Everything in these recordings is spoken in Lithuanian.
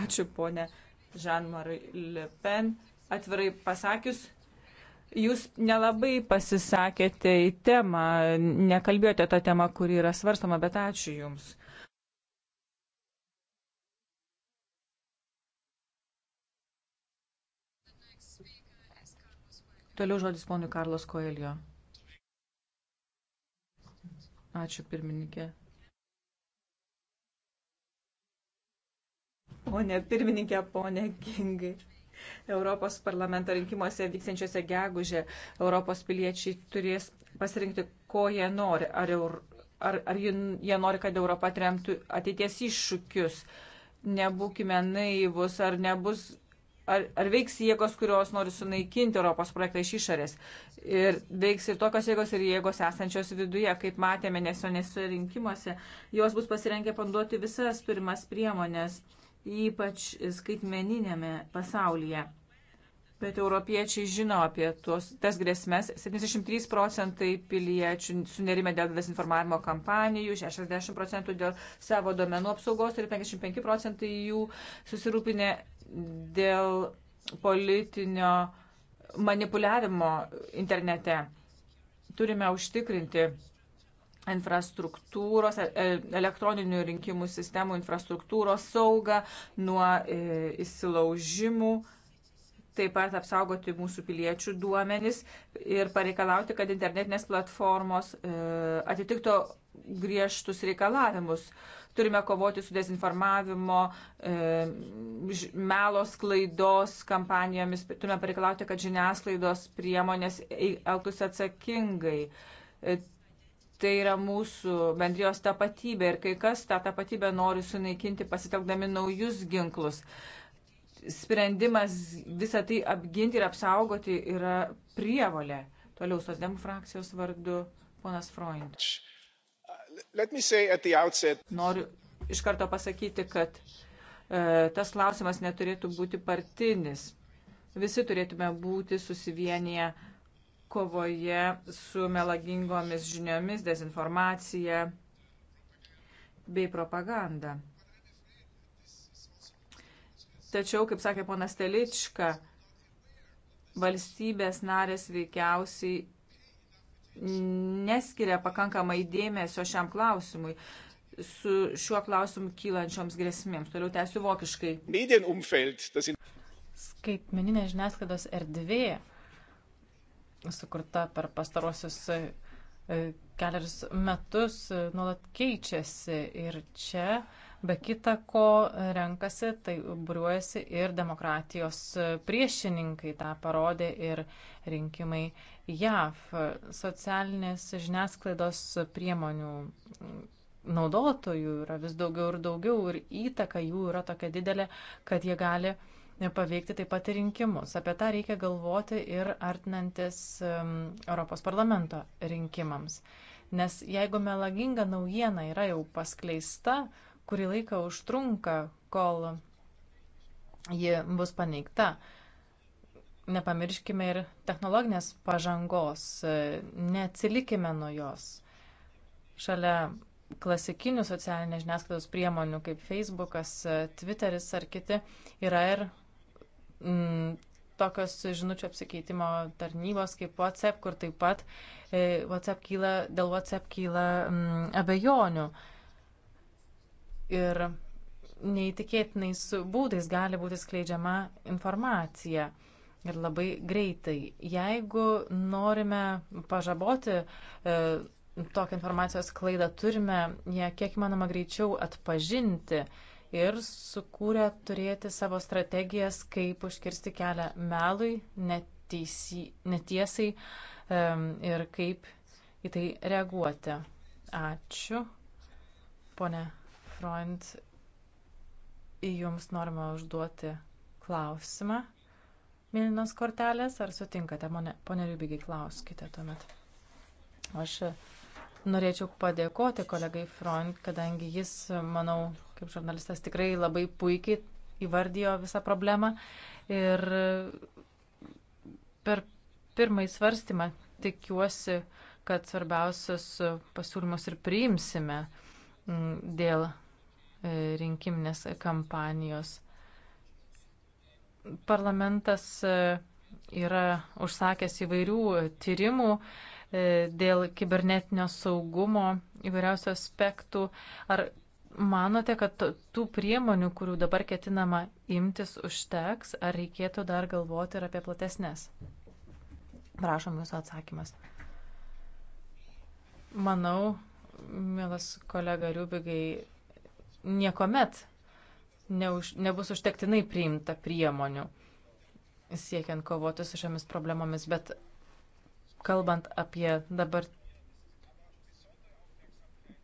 Ačiū, ponė Žanmarai Le Pen. Atvirai pasakius, jūs nelabai pasisakėte į temą, nekalbėjote tą temą, kuri yra svarstama, bet ačiū Jums. Toliau žodis ponui Karlos Koelio. Ačiū pirmininkė. ponė pirmininkė, ponė Kingai. Europos parlamento rinkimuose vyksiančiuose gegužė Europos piliečiai turės pasirinkti, ko jie nori. Ar, ar, ar jie nori, kad Europa atremtų ateities iššūkius. Nebūkime naivus, ar nebus. Ar, ar veiks jėgos, kurios nori sunaikinti Europos projektą iš išorės? Ir veiks ir tokios jėgos, ir jėgos esančios viduje, kaip matėme nesionėse rinkimuose, jos bus pasirengę panduoti visas turimas priemonės. Uh, ypač skaitmeninėme pasaulyje. Bet europiečiai žino apie tos, tas grėsmes. 73 procentai piliečių sunerime dėl dezinformavimo kampanijų, 60 procentų dėl savo domenų apsaugos ir 55 procentai jų susirūpinę dėl politinio manipuliavimo internete. Turime užtikrinti infrastruktūros, e, e, elektroninių rinkimų sistemų infrastruktūros saugą nuo e, įsilaužimų, taip pat apsaugoti mūsų piliečių duomenis ir pareikalauti, kad internetinės platformos atitikto griežtus reikalavimus. Turime kovoti su dezinformavimo, melo sklaidos kampanijomis, turime pareikalauti, kad žiniasklaidos priemonės elgtųsi atsakingai tai yra mūsų bendrijos tapatybė ir kai kas tą tapatybę nori sunaikinti pasitelkdami naujus ginklus. Sprendimas visą tai apginti ir apsaugoti yra prievalė. Toliau Sosdemų frakcijos vardu ponas Freund. Noriu iš karto pasakyti, kad e, tas klausimas neturėtų būti partinis. Visi turėtume būti susivienyje kovoje su melagingomis žiniomis, dezinformacija bei propaganda. Tačiau, kaip sakė ponas Telička, valstybės narės veikiausiai neskiria pakankamai dėmesio šiam klausimui su šiuo klausimu kylančioms grėsmėms. Toliau tęsiu vokiškai. Skaitmeninė žiniasklaidos erdvė sukurta per pastarosius e, e, keliarius metus e, nuolat keičiasi ir čia be kita ko renkasi, tai būriuojasi ir demokratijos priešininkai, tą parodė ir rinkimai JAV. Socialinės žiniasklaidos priemonių naudotojų yra vis daugiau ir daugiau ir įtaka jų yra tokia didelė, kad jie gali uh, paveikti taip pat ir rinkimus. Apie tą reikia galvoti ir artinantis um, Europos parlamento rinkimams. Nes jeigu melaginga naujiena yra jau paskleista, kurį laiką užtrunka, kol ji bus paneigta. Nepamirškime ir technologinės pažangos, neatsilikime nuo jos. Šalia klasikinių socialinės žiniasklaidos priemonių kaip Facebookas, Twitteris ar kiti yra ir mm, tokios žinučių apsikeitimo tarnybos kaip WhatsApp, kur taip pat e, WhatsApp kyla, dėl WhatsApp kyla mm, abejonių. Ir neįtikėtinais būdais gali būti skleidžiama informacija. Ir labai greitai. Jeigu norime pažaboti e, tokią informacijos klaidą, turime ją kiek įmanoma greičiau atpažinti. E, ir sukūrė turėti savo strategijas, kaip užkirsti kelią melui, neteisi, netiesai um, ir kaip į tai reaguoti. Ačiū, ponė Freund. Jums norima užduoti klausimą. Mėlynos kortelės, ar sutinkate, ponė Rybigai, klauskite tuomet. Aš norėčiau padėkoti kolegai Freund, kadangi jis, manau, kaip žurnalistas tikrai labai puikiai įvardijo visą problemą. Ir per pirmąjį svarstymą tikiuosi, kad svarbiausius pasiūlymus ir priimsime mm, dėl e, rinkiminės kampanijos. Parlamentas e, yra užsakęs įvairių tyrimų e, dėl kibernetinio saugumo įvairiausių aspektų. Ar manote, kad tų priemonių, kurių dabar ketinama imtis, užteks, ar reikėtų dar galvoti ir apie platesnės? Prašom jūsų atsakymas. Manau, mielas kolega Riubigai, niekuomet neuž, nebus užtektinai priimta priemonių siekiant kovoti su šiomis problemomis, bet kalbant apie dabar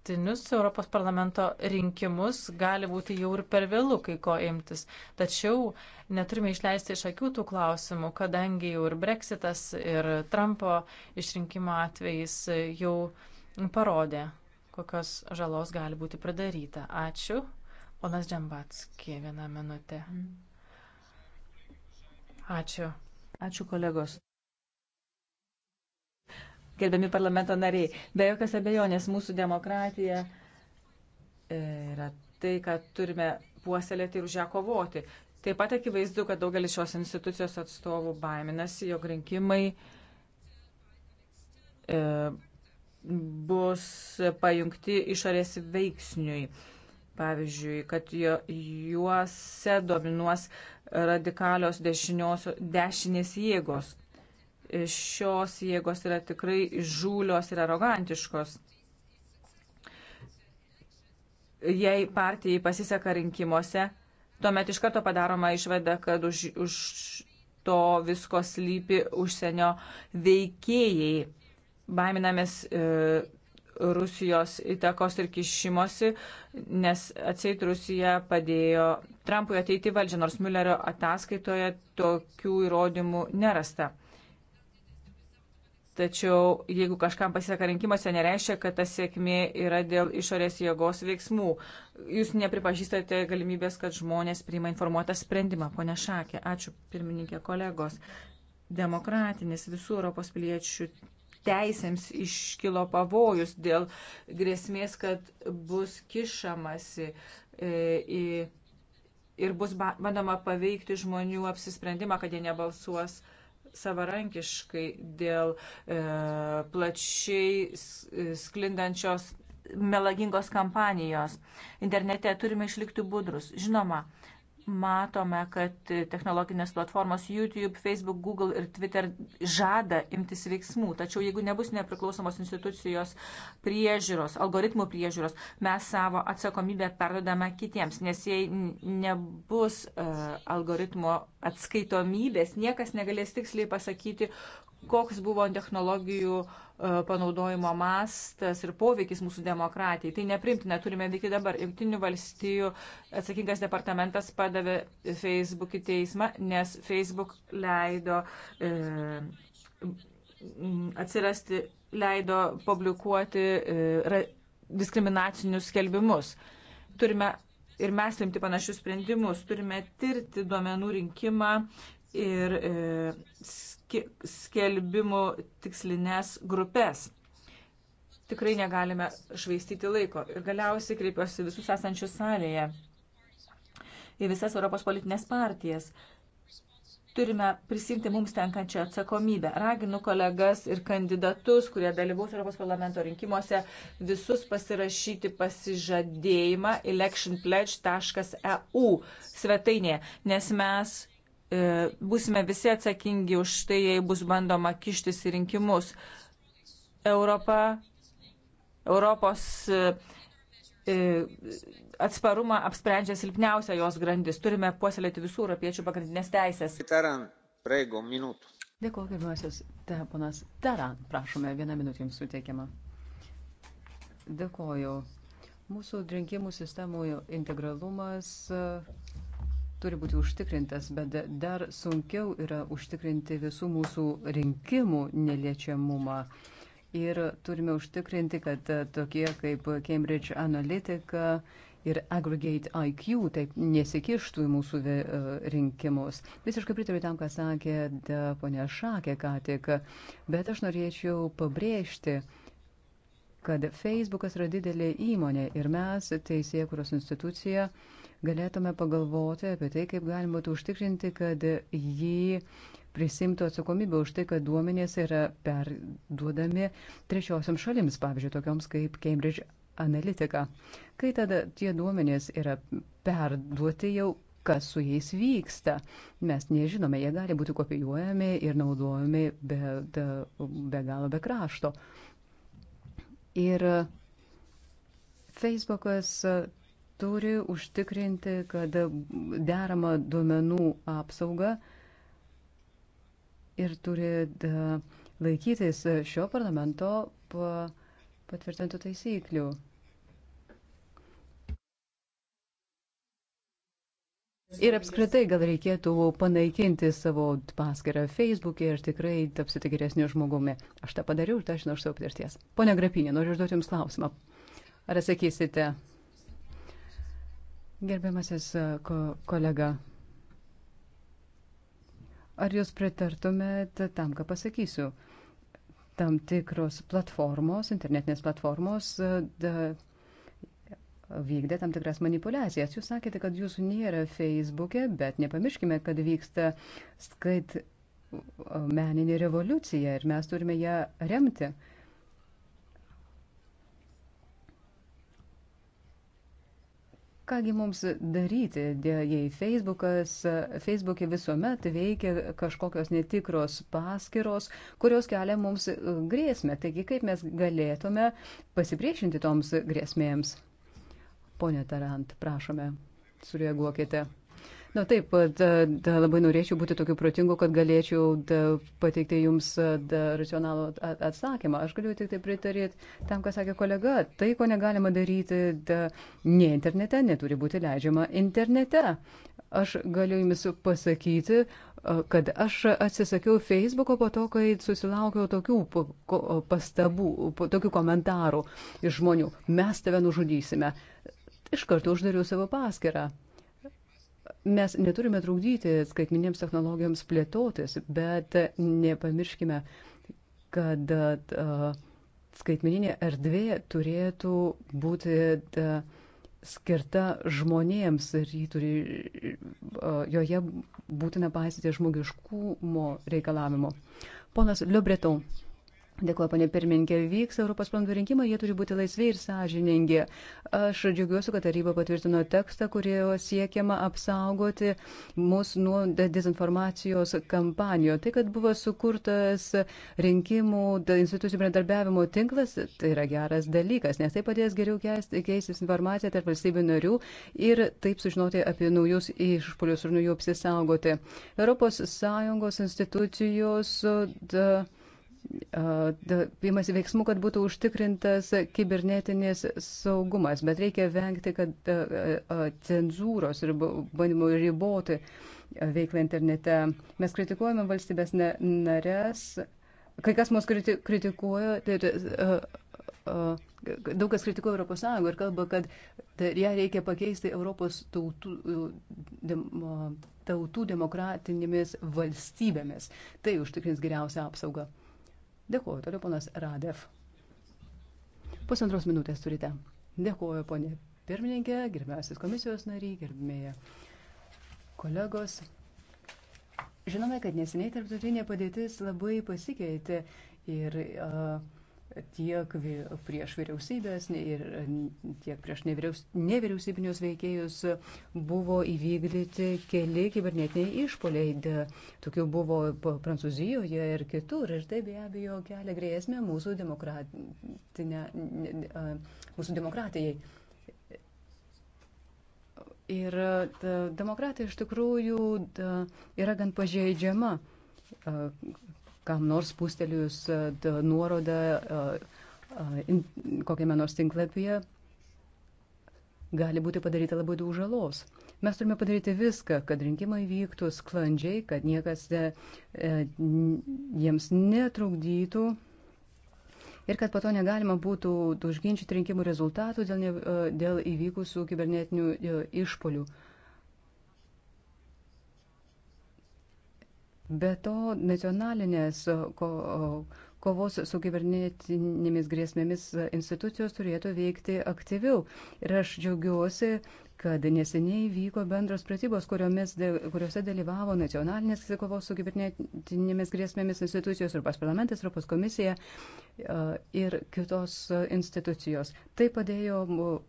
dabartinius Europos parlamento rinkimus gali būti jau ir per vėlų kai ko imtis. Tačiau neturime išleisti iš akių tų klausimų, kadangi jau ir Brexitas, ir Trumpo išrinkimo atvejais jau parodė, kokios žalos gali būti pridaryta. Ačiū. Ponas Džambatskė, vieną minutę. Mm. Ačiū. Ačiū kolegos gerbiami parlamento nariai. Be jokios abejonės mūsų demokratija e, yra tai, kad turime puoselėti ir už ją kovoti. Taip pat akivaizdu, kad daugelis šios institucijos atstovų baiminasi, jog rinkimai e, bus pajungti išorės veiksniui. Pavyzdžiui, kad juose dominuos radikalios dešinios, dešinės jėgos šios jėgos yra tikrai žūlios ir arogantiškos. Jei partijai pasiseka rinkimuose, tuomet iš karto padaroma išvada, kad už, už to visko slypi užsienio veikėjai. Baiminamės e, Rusijos įtakos ir kišimosi, nes atseit Rusija padėjo Trumpui ateiti valdžią, nors Müllerio ataskaitoje tokių įrodymų nerasta. Tačiau jeigu kažkam pasiseka rinkimuose, nereiškia, kad ta sėkmė yra dėl išorės jėgos veiksmų. Jūs nepripažįstate galimybės, kad žmonės priima informuotą sprendimą. Pone Šakė, ačiū pirmininkė kolegos. Demokratinis visų Europos piliečių teisėms iškilo pavojus dėl grėsmės, kad bus kišamasi e, į. Ir bus bandoma paveikti žmonių apsisprendimą, kad jie nebalsuos uh, savarankiškai dėl e, plačiai sklindančios melagingos kampanijos. Internete turime išlikti budrus. Žinoma, matome, kad technologinės platformos YouTube, Facebook, Google ir Twitter žada imtis veiksmų. Tačiau jeigu nebus nepriklausomos institucijos priežiūros, algoritmų priežiūros, mes savo atsakomybę perdodame kitiems, nes jei nebus uh, algoritmo atskaitomybės, niekas negalės tiksliai pasakyti, koks buvo technologijų e, panaudojimo mastas ir poveikis mūsų demokratijai. Tai neprimtina, turime veikti dabar. Junktinių valstijų atsakingas departamentas padavė Facebook į teismą, nes Facebook leido e, atsirasti, leido publikuoti e, diskriminacinius skelbimus. Turime ir mes rimti panašius sprendimus, turime tirti duomenų rinkimą ir e, skelbimų tikslinės grupės. Tikrai negalime švaistyti laiko. Ir galiausiai kreipiuosi visus esančius salėje į visas Europos politinės partijas. Turime prisimti mums tenkančią atsakomybę. Raginu kolegas ir kandidatus, kurie dalyvaus Europos parlamento rinkimuose, visus pasirašyti pasižadėjimą electionpledge.eu svetainėje, nes mes E, būsime visi atsakingi už tai, jei bus bandoma kištis į rinkimus. Europa, Europos e, e, atsparumą apsprendžia silpniausia jos grandis. Turime puoselėti visų europiečių pagrindinės teisės. Taran, prego, minutų. Dėkuoju, gerbiamasis ta, ponas Taran. Prašome, vieną minutę jums suteikiama. Dėkuoju. Mūsų rinkimų sistemų integralumas turi būti užtikrintas, bet dar sunkiau yra užtikrinti visų mūsų rinkimų neliečiamumą. Ir turime užtikrinti, kad e, tokie kaip Cambridge Analytica ir Aggregate IQ taip nesikištų į mūsų e, rinkimus. Visiškai pritariu tam, ką sakė ponia Šakė ką tik, bet aš norėčiau pabrėžti, kad Facebookas yra didelė įmonė ir mes, teisėkuros institucija, uh, galėtume pagalvoti apie tai, kaip galima būtų užtikrinti, kad jį prisimtų atsakomybę už tai, kad duomenės yra perduodami trečiosiam šalims, pavyzdžiui, tokioms kaip Cambridge Analytica. Kai tada tie duomenės yra perduoti jau kas su jais vyksta. Mes nežinome, jie gali būti kopijuojami ir naudojami be, be, be galo be krašto. Ir Facebookas turi užtikrinti, kad derama duomenų apsauga ir turi e, laikytis šio parlamento patvirtintų taisyklių. Ir apskritai gal reikėtų panaikinti savo paskirą Facebook'e ir tikrai tapsite geresniu žmogumi. Aš tą padariau ir tą žinau iš savo patirties. Pone Grapinė, noriu užduoti Jums klausimą. Ar atsakysite? Gerbiamasis e, ko, kolega, ar jūs pritartumėte tam, ką pasakysiu? Tam tikros platformos, internetinės platformos e, da, vykdė tam tikras manipulacijas. Jūs sakėte, kad jūsų nėra Facebook'e, bet nepamirškime, kad vyksta skait meninė revoliucija ir mes turime ją remti. Kągi mums daryti, jei Facebookas, Facebook'e visuomet veikia kažkokios netikros paskiros, kurios kelia mums e, grėsmę. Taigi, kaip mes galėtume pasipriešinti toms grėsmėms? Pone Tarant, prašome, sureaguokite. Na taip, da, da, labai norėčiau būti tokiu protingu, kad galėčiau da, pateikti jums da, racionalų atsakymą. Aš galiu tik tai pritarėti tam, ką sakė kolega. Tai, ko negalima daryti da, ne internete, neturi būti leidžiama internete. Aš galiu jums pasakyti, kad aš atsisakiau Facebooko po to, kai susilaukiau tokių pastabų, tokių komentarų iš žmonių. Mes tave nužudysime. Iš karto uždariau savo paskirtą mes neturime trukdyti skaitminėms technologijoms plėtotis, bet nepamirškime, kad skaitmininė erdvė turėtų būti skirta žmonėms ir turi, joje būtina paisyti žmogiškumo reikalavimo. Ponas Liubreton. Dėkuoju, panė pirmininkė, vyks Europos planų rinkimai, jie turi būti laisvi ir sąžiningi. Aš džiaugiuosi, kad taryba patvirtino tekstą, kurio siekiama apsaugoti mus nuo dezinformacijos kampanijų. Tai, kad buvo sukurtas rinkimų institucijų bendradarbiavimo tinklas, tai yra geras dalykas, nes tai padės geriau keistis informaciją tarp valstybių narių ir taip sužinoti apie naujus išpolius ir nuo jų apsisaugoti. Europos Sąjungos institucijos. Da, imasi veiksmų, kad būtų užtikrintas kibernetinis saugumas, bet reikia vengti, kad cenzūros ir bandymų riboti veiklą internete. Mes kritikuojame valstybės narės, kai kas mus kritikuoja, tai daug kas kritikuoja Europos Sąjungą ir kalba, kad tai, ją reikia pakeisti Europos tautų, tautų demokratinėmis valstybėmis. Tai užtikrins geriausią apsaugą. Dėkuoju, toliau ponas Radev. Pusantros minutės turite. Dėkuoju, ponė pirmininkė, gerbiamasis komisijos nariai, gerbimėje kolegos. Žinome, kad neseniai tarptautinė padėtis labai pasikeitė ir uh, tiek prieš vyriausybės ir tiek prieš nevyriaus, nevyriausybinius veikėjus buvo įvykdyti keli kibernetiniai išpoliai. Tokių buvo Prancūzijoje ir kitur. Ir tai be abejo kelia grėsmę mūsų, mūsų demokratijai. Ir ta, demokratija iš tikrųjų ta, yra gan pažeidžiama kam nors pūstelius e, nuorodą e, e, kokiame nors tinklapyje, gali būti padaryta labai daug žalos. Mes turime padaryti viską, kad rinkimai vyktų sklandžiai, kad niekas ne, jiems netrukdytų ir kad po to negalima būtų užginčyti rinkimų rezultatų dėl, ne, dėl įvykusių kibernetinių išpolių. Be to, nacionalinės e, ko, e, kovos su kibernetinėmis grėsmėmis institucijos turėtų veikti aktyviau. Ir aš džiaugiuosi, kad neseniai vyko bendros pratybos, kuriuose dalyvavo nacionalinės kovos su kibernetinėmis grėsmėmis institucijos, Europos parlamentas, Europos komisija e, ir kitos institucijos. Tai padėjo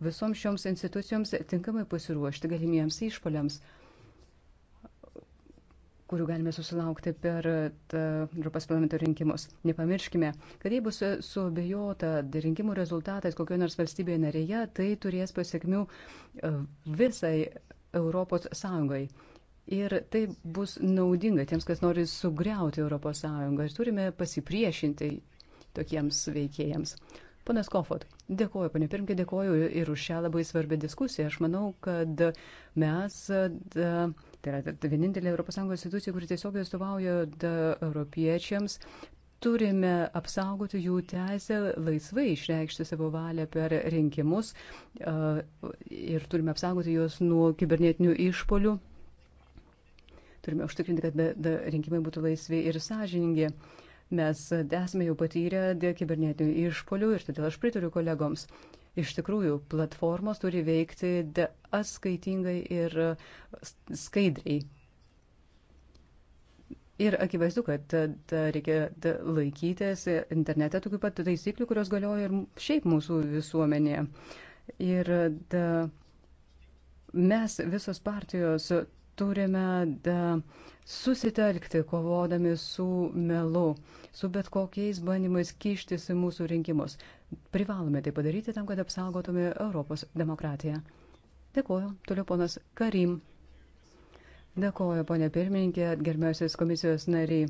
visoms šioms institucijoms tinkamai pasiruošti galimiems išpoliams kurių galime susilaukti per Europos parlamento rinkimus. Nepamirškime, kad jei bus suabejota rinkimų rezultatais kokioje nors valstybėje narėje, tai turės pasiekmių e, visai Europos Sąjungai. Ir tai bus naudinga tiems, kas nori sugriauti Europos Sąjungą. Ir turime pasipriešinti tokiems veikėjams. Ponas Kofot, dėkoju, ponė Pirmkė, dėkoju ir už šią labai svarbią diskusiją. Aš manau, kad mes. Da, Tai yra vienintelė ES institucija, kuri tiesiog atstovauja europiečiams. Turime apsaugoti jų teisę laisvai išreikšti savo valią per rinkimus ir turime apsaugoti juos nuo kibernetinių išpolių. Turime užtikrinti, kad be, da, rinkimai būtų laisvi ir sąžiningi. Mes esame jau patyrę dėl kibernetinių išpolių ir todėl aš pritariu kolegoms. Uh, Iš tikrųjų, platformos turi veikti atskaitingai ir skaidriai. Ir akivaizdu, kad tada reikia tada laikytis internete tokių pat taisyklių, kurios galioja ir šiaip mūsų visuomenėje. Ir da, mes visos partijos turime da, susitelkti, kovodami su melu, su bet kokiais bandymais kištis į mūsų rinkimus. Privalome tai padaryti tam, kad apsaugotume Europos demokratiją. Dėkuoju. Toliau ponas Karim. Dėkuoju, ponė pirmininkė, gerbiausias komisijos nariai.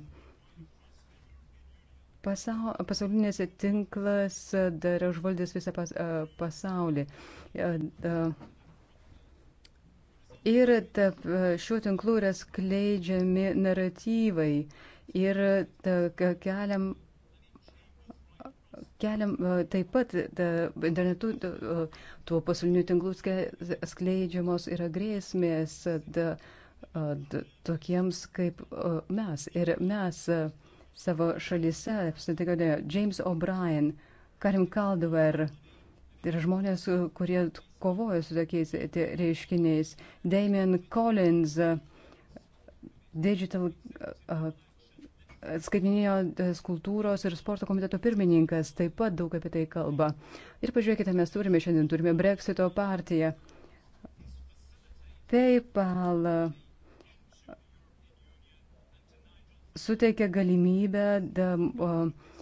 Pasau, pasaulinės tinklas dar užvaldys visą pas, pasaulį. Da, da, Ir tarp e, šių tinklų yra skleidžiami naratyvai ir ta, keliam, keliam e, taip pat ta, internetu e, tuo pasauliniu tinklu skleidžiamos yra grėsmės ta, ta, tokiems kaip mes. Ir mes savo šalyse, apsitikome James O'Brien, Karim Caldover, tai yra žmonės, kurie kovoja su tokiais e, reiškiniais. Damien Collins, e, Digital uh, e, skaitinio kultūros ir sporto komiteto pirmininkas, taip pat daug apie tai kalba. Ir pažiūrėkite, mes turime šiandien, turime Brexito partiją. PayPal suteikia galimybę da, uh,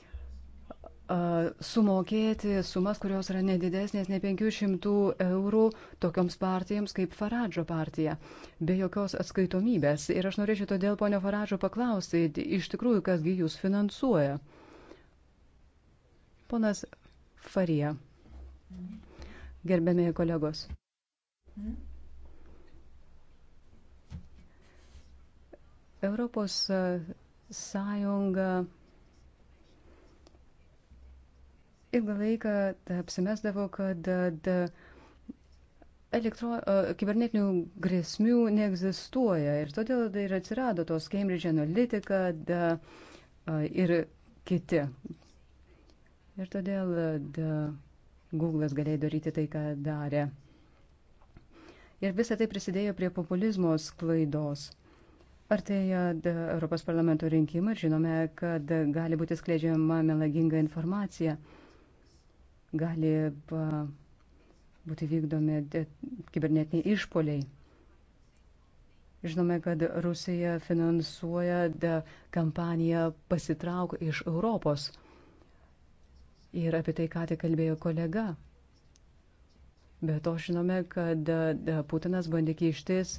sumokėti sumas, kurios yra nedidesnės nei 500 eurų tokioms partijoms kaip Faradžo partija, be jokios atskaitomybės. Ir aš norėčiau todėl ponio Faradžo paklausti, iš tikrųjų, kasgi jūs finansuoja. Ponas Farija, gerbėmėjai kolegos. Europos Sąjunga ilgą laiką apsimesdavo, kad da, elektro, kibernetinių grėsmių neegzistuoja ir todėl da, ir atsirado tos Cambridge Analytica da, ir kiti. Ir todėl da, Google'as galėjo daryti tai, ką darė. Ir visa tai prisidėjo prie populizmo sklaidos. Ar tai Europos parlamento rinkimai ir žinome, kad gali būti skleidžiama melaginga informacija gali būti vykdomi kibernetiniai išpoliai. Žinome, kad Rusija finansuoja kampaniją pasitrauk iš Europos. Ir apie tai ką tik kalbėjo kolega. Be to žinome, kad Putinas bandė kištis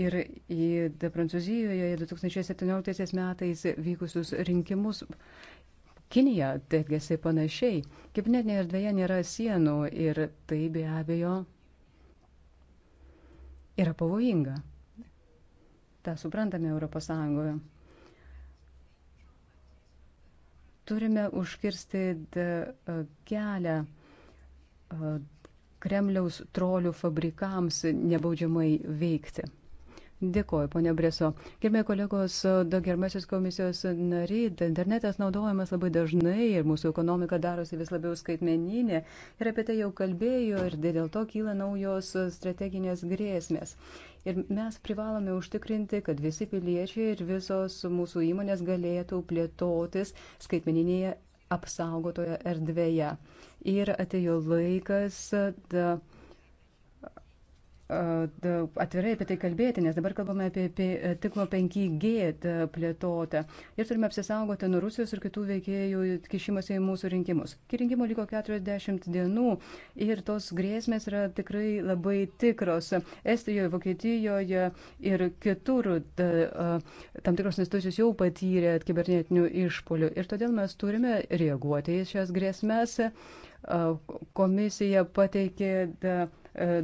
ir į Prancūzijoje 2017 metais vykusius rinkimus Kinija elgėsi panašiai. Kibernetinėje erdvėje nėra sienų ir tai be abejo yra pavojinga. Ta suprantame Europos Sąjungoje. Turime užkirsti e, kelią e, Kremliaus trolių fabrikams nebaudžiamai veikti. Dėkoju, ponia Breso. Gerbėjai kolegos, gerbiamasis komisijos nariai, internetas naudojamas labai dažnai ir mūsų ekonomika darosi vis labiau skaitmeninė ir apie tai jau kalbėjo ir dėl to kyla naujos strateginės grėsmės. Ir mes privalome užtikrinti, kad visi piliečiai ir visos mūsų įmonės galėtų plėtotis skaitmeninėje apsaugotoje erdvėje. Ir atėjo laikas. Da, atvirai apie tai kalbėti, nes dabar kalbame apie, apie tiklo 5G e, plėtotę ir turime apsisaugoti nuo Rusijos ir kitų veikėjų kišimasi į mūsų rinkimus. Iki rinkimų liko 40 dienų ir tos grėsmės yra tikrai labai tikros. Estijoje, Vokietijoje ir kitur e, e, tam tikros institucijos jau patyrė kibernetinių išpolių ir todėl mes turime reaguoti į šias grėsmės. Komisija pateikė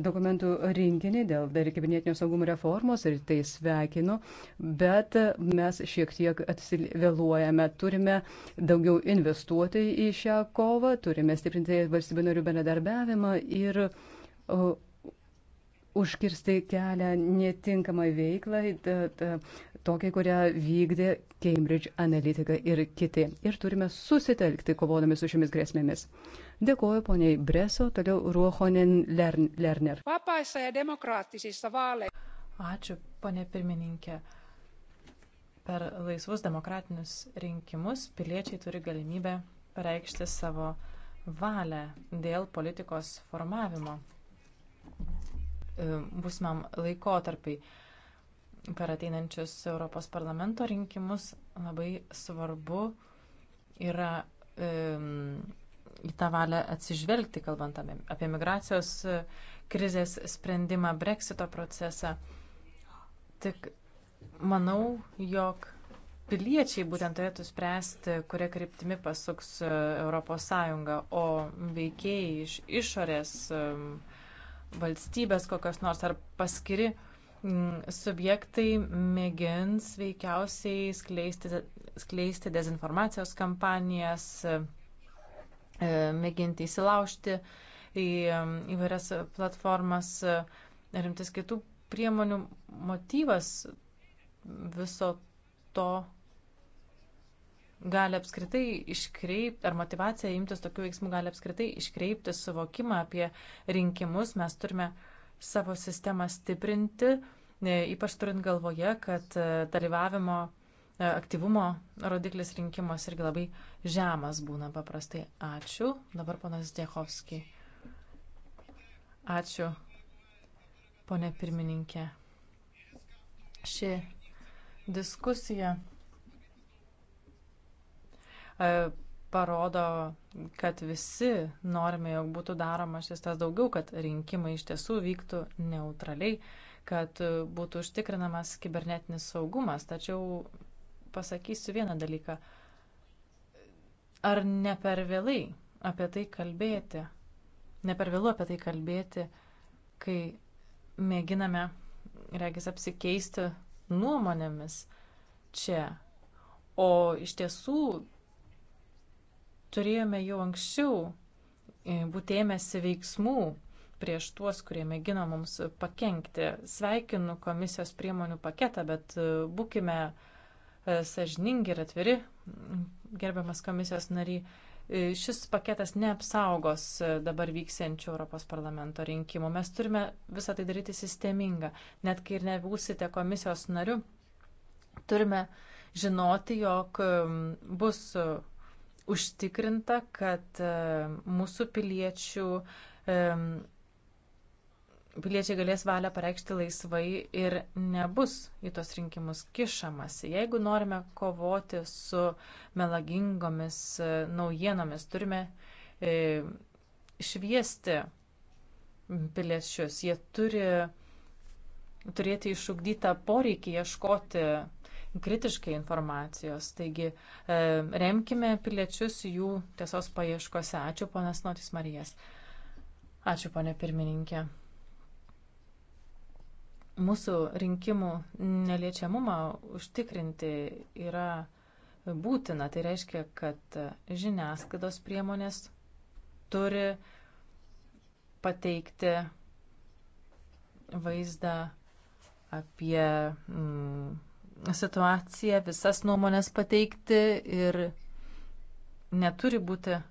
dokumentų rinkinį dėl kibernetinio saugumo reformos ir tai sveikinu, bet mes šiek tiek atsivėluojame. Turime daugiau investuoti į šią kovą, turime stiprinti valstybių narių bendradarbiavimą ir uh, užkirsti kelią netinkamai veiklai, tokią, kurią vykdė Cambridge Analytica ir kiti. Ir turime susitelkti kovodami su šiomis grėsmėmis. Dėkuoju poniai Breso, toliau Ruohonen Lerner. Ačiū, ponė pirmininkė. Per laisvus demokratinius rinkimus piliečiai turi galimybę pareikšti savo valią dėl politikos formavimo e, būsimam laikotarpiai per ateinančius Europos parlamento rinkimus labai svarbu yra e, į tą valią atsižvelgti, kalbant apie, apie migracijos e, krizės sprendimą, breksito procesą. Tik manau, jog piliečiai būtent turėtų spręsti, kuria kryptimi pasuks ES, o veikėjai iš išorės valstybės kokios nors ar paskiri Mm, subjektai mėgins veikiausiai skleisti, skleisti dezinformacijos kampanijas, e, mėginti įsilaužti į mm, įvairias platformas, rimtis kitų priemonių motyvas viso to gali apskritai iškreipti, ar motivacija imtis tokių veiksmų gali apskritai iškreipti suvokimą apie rinkimus. Mes turime uh, savo sistemą stiprinti, e, ypač turint galvoje, kad e, dalyvavimo e, aktyvumo rodiklis rinkimos irgi labai žemas būna paprastai. Ačiū. Dabar ponas Dėchovski. Ačiū, ponė pirmininkė. Ši diskusija parodo, kad visi norime, jog būtų daroma šis tas daugiau, kad rinkimai iš tiesų vyktų neutraliai, kad būtų užtikrinamas kibernetinis saugumas. Tačiau pasakysiu vieną dalyką. Ar ne per vėlai apie tai kalbėti? Ne per vėlu apie tai kalbėti, kai mėginame, regis, apsikeisti nuomonėmis čia. O iš tiesų turėjome jau anksčiau e, būtėmėsi veiksmų prieš tuos, kurie mėgino mums pakengti. Sveikinu komisijos priemonių paketą, bet e, būkime e, sažiningi ir atviri, gerbiamas komisijos nariai. Šis paketas neapsaugos dabar vyksiančių Europos parlamento rinkimų. Mes turime visą tai daryti sisteminga. Net kai ir nebūsite komisijos nariu, turime žinoti, jog bus užtikrinta, kad e, mūsų piliečių e, piliečiai galės valią pareikšti laisvai ir nebus į tos rinkimus kišamasi. Jeigu norime kovoti su melagingomis e, naujienomis, turime šviesti piliečius. Jie turi turėti išugdytą poreikį ieškoti kritiškai informacijos. Taigi e, remkime piliečius jų tiesos paieškose. Ačiū, ponas Notis Marijas. Ačiū, ponė pirmininkė. Mūsų rinkimų neliečiamumą užtikrinti yra būtina. Tai reiškia, kad žiniasklaidos priemonės turi pateikti vaizdą apie mm, situaciją, visas nuomonės pateikti ir neturi būti e,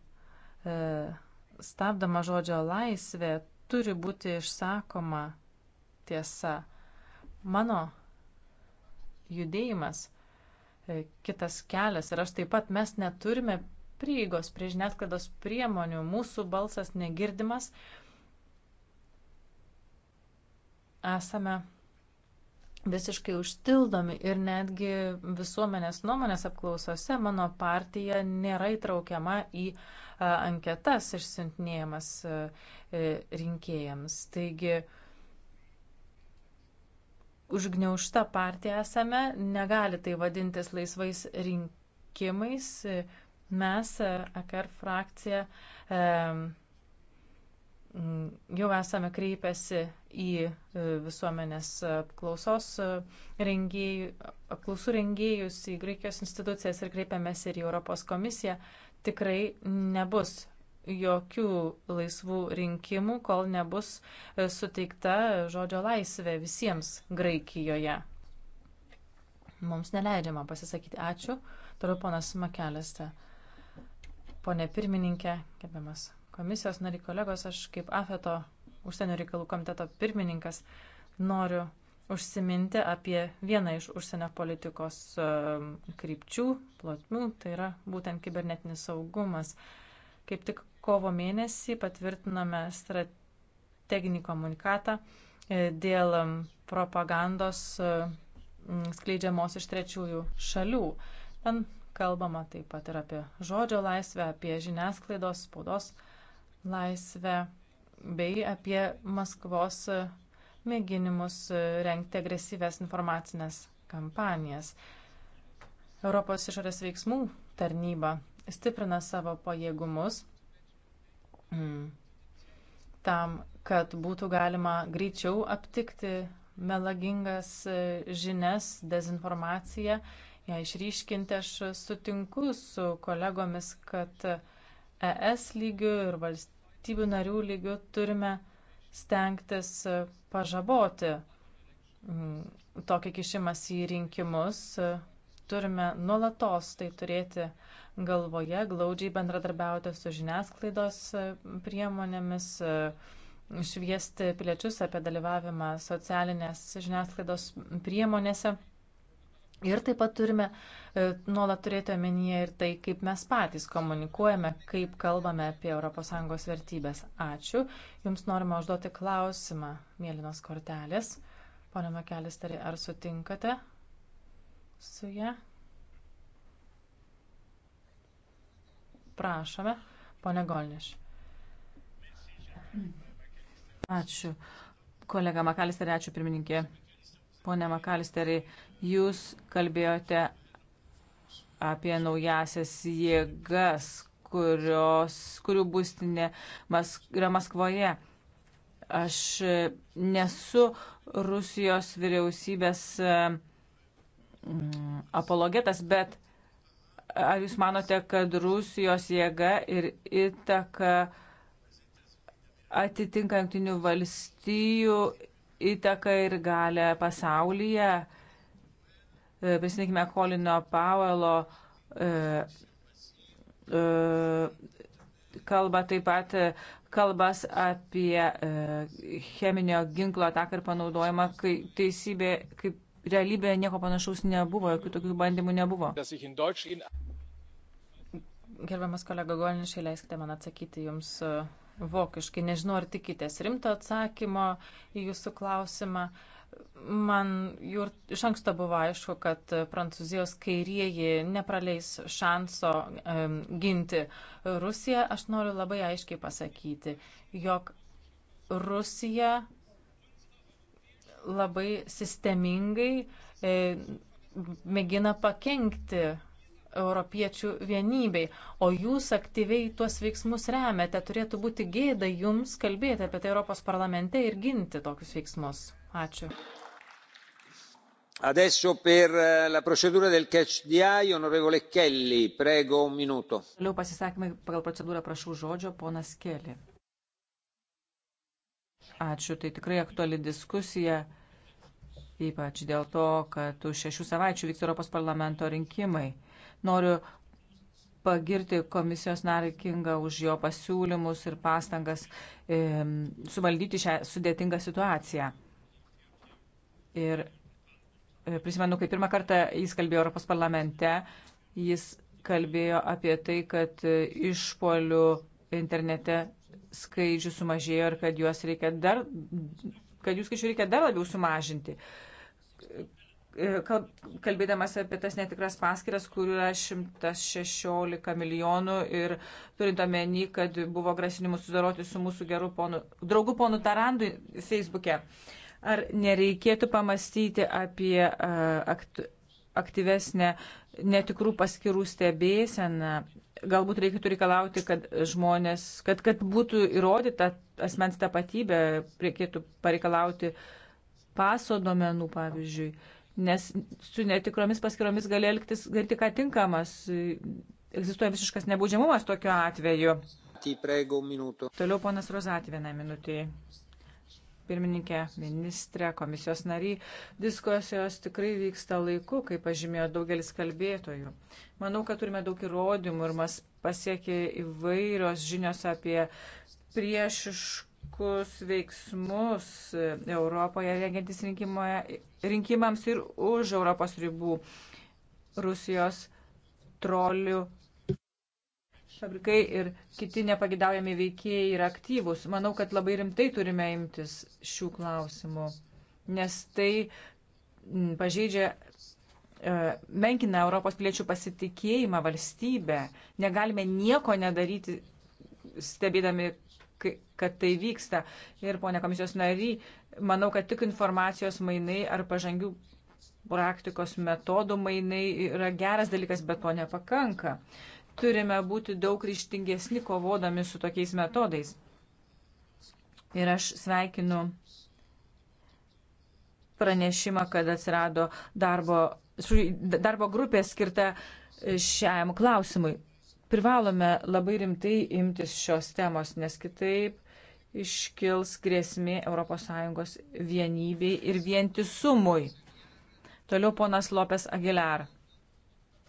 stabdoma žodžio laisvė, turi būti išsakoma tiesa. Mano judėjimas, e, kitas kelias ir aš taip pat mes neturime prieigos prie žiniasklaidos priemonių, mūsų balsas negirdimas. Esame visiškai užtildomi ir netgi visuomenės nuomonės apklausose mano partija nėra įtraukiama į anketas išsintinėjamas e, rinkėjams. Taigi užgneušta partija esame, negali tai vadintis laisvais rinkimais. Mes, AKR e frakcija, Mm, jau esame kreipęsi į e, visuomenės apklausos e, rengėjų, apklausų rengėjus, į Graikijos institucijas ir kreipiamės ir į Europos komisiją. Tikrai nebus jokių laisvų rinkimų, kol nebus e, suteikta žodžio laisvė visiems Graikijoje. Mums neleidžiama pasisakyti. Ačiū. Toliau ponas Makelėste. Pone pirmininkė, gerbiamas komisijos nariai kolegos, aš kaip AFETO užsienio reikalų komiteto pirmininkas noriu užsiminti apie vieną iš užsienio politikos krypčių, plotmių, tai yra būtent kibernetinis saugumas. Kaip tik kovo mėnesį patvirtiname strateginį komunikatą e, dėl propagandos e, skleidžiamos iš trečiųjų šalių. Ten kalbama taip pat ir apie žodžio laisvę, apie žiniasklaidos, spaudos laisvę laisvę bei apie Maskvos mėginimus renkti agresyves informacinės kampanijas. Europos išorės veiksmų tarnyba stiprina savo pajėgumus mm, tam, kad būtų galima greičiau aptikti melagingas žinias, dezinformaciją, ją išryškinti. Aš sutinku su kolegomis, kad ES lygių ir valstybės valstybių narių lygių turime stengtis pažaboti mm, tokį kišimas į rinkimus. Turime nuolatos tai turėti galvoje, glaudžiai bendradarbiauti su žiniasklaidos priemonėmis, šviesti piliečius apie dalyvavimą socialinės žiniasklaidos priemonėse. Ir taip pat turime e, nuolat turėti omenyje ir tai, kaip mes patys komunikuojame, kaip kalbame apie ES vertybės. Ačiū. Jums norima užduoti klausimą, mėlynos kortelės. Pone Makelisteri, ar sutinkate su ją? Prašome, pone Golniš. Ačiū. Kolega Makalisteri, ačiū pirmininkė. Pone Makalisteri, Jūs kalbėjote apie naujasias jėgas, kurios, kurių būstinė Mask, yra Maskvoje. Aš nesu Rusijos vyriausybės mm, apologetas, bet ar jūs manote, kad Rusijos jėga ir įtaka atitinka jungtinių valstijų įtaką ir galę pasaulyje? E, prisiminkime Kolino Pauelo e, e, kalba taip pat kalbas apie cheminio ginklo ataką ir panaudojimą, kai teisybė, kaip realybėje nieko panašaus nebuvo, jokių tokių bandymų nebuvo. Gerbiamas kolega Golnišai, leiskite man atsakyti Jums vokiškai. Nežinau, ar tikitės rimto atsakymo į Jūsų klausimą. Uh, Man jau iš anksto buvo aišku, kad prancūzijos kairieji nepraleis šanso um, ginti Rusiją. Aš noriu labai aiškiai pasakyti, jog Rusija labai sistemingai e, mėgina pakengti europiečių vienybei, o jūs aktyviai tuos veiksmus remiate. Turėtų būti gėda jums kalbėti apie tai Europos parlamente ir ginti tokius veiksmus. Ačiū. Adesso per eh, la procedura del catch di AI, onorevole Kelly, prego un minuto. Toliau pasisakymai pagal procedūrą prašau žodžio, ponas Kelly. Ačiū, tai tikrai aktuali diskusija, ypač dėl to, kad už šešių savaičių vyks Europos parlamento rinkimai. Noriu pagirti komisijos narį Kingą už jo pasiūlymus ir pastangas e, suvaldyti šią sudėtingą situaciją. Ir e, prisimenu, kai pirmą kartą jis kalbėjo Europos parlamente, jis kalbėjo apie tai, kad e, išpolių internete skaičių sumažėjo ir kad juos reikia dar, kad jų skaičių reikia dar labiau sumažinti. E, kalbėdamas apie tas netikras paskiras, kur yra 116 milijonų ir turint omeny, kad buvo grasinimų sudaroti su mūsų geru ponu, draugu ponu Tarandu Facebook'e. Uh, Ar nereikėtų pamastyti apie e, aktu, aktyvesnę netikrų paskirų stebėseną? Galbūt reikėtų reikalauti, kad žmonės, kad, kad būtų įrodyta asmens tapatybė, reikėtų pareikalauti paso domenų, pavyzdžiui, nes su netikromis paskiromis gali elgtis garti ką tinkamas. Egzistuoja visiškas nebaudžiamumas tokiu atveju. Toliau ponas Rozat vieną minutį pirmininkė, ministrė, komisijos nariai. Diskusijos tikrai vyksta laiku, kaip pažymėjo daugelis kalbėtojų. Manau, kad turime daug įrodymų ir mes pasiekė įvairios žinios apie priešiškus veiksmus Europoje rengiantis rinkimams ir už Europos ribų Rusijos trolių fabrikai ir kiti nepagidaujami veikėjai yra aktyvūs. Manau, kad labai rimtai turime imtis šių klausimų, nes tai mm, pažeidžia, e, menkina Europos piliečių pasitikėjimą valstybę. Negalime nieko nedaryti, stebėdami, kad tai vyksta. Ir, ponia komisijos nary, manau, kad tik informacijos mainai ar pažangių praktikos metodų mainai yra geras dalykas, bet to nepakanka. Uh, turime būti daug ryštingesni kovodami su tokiais metodais. Ir aš sveikinu pranešimą, kad atsirado darbo, darbo grupė skirta šiam klausimui. Privalome labai rimtai imtis šios temos, nes kitaip iškils grėsmė ES vienybei ir vientisumui. Toliau ponas Lopes Aguilar.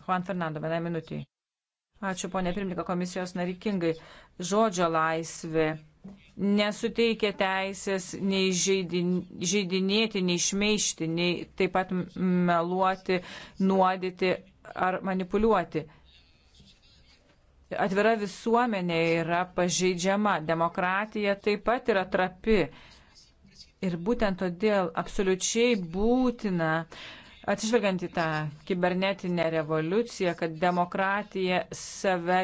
Juan Fernando, vienai minutiai. Ačiū, ponė pirmininkė, komisijos narikingai. Žodžio laisvė nesuteikia teisės nei žaidinėti, nei šmeišti, nei taip pat meluoti, nuodyti ar manipuliuoti. Atvira visuomenė yra pažeidžiama, demokratija taip pat yra trapi. Ir būtent todėl absoliučiai būtina uh, atsižvelgiant į tą kibernetinę revoliuciją, kad demokratija save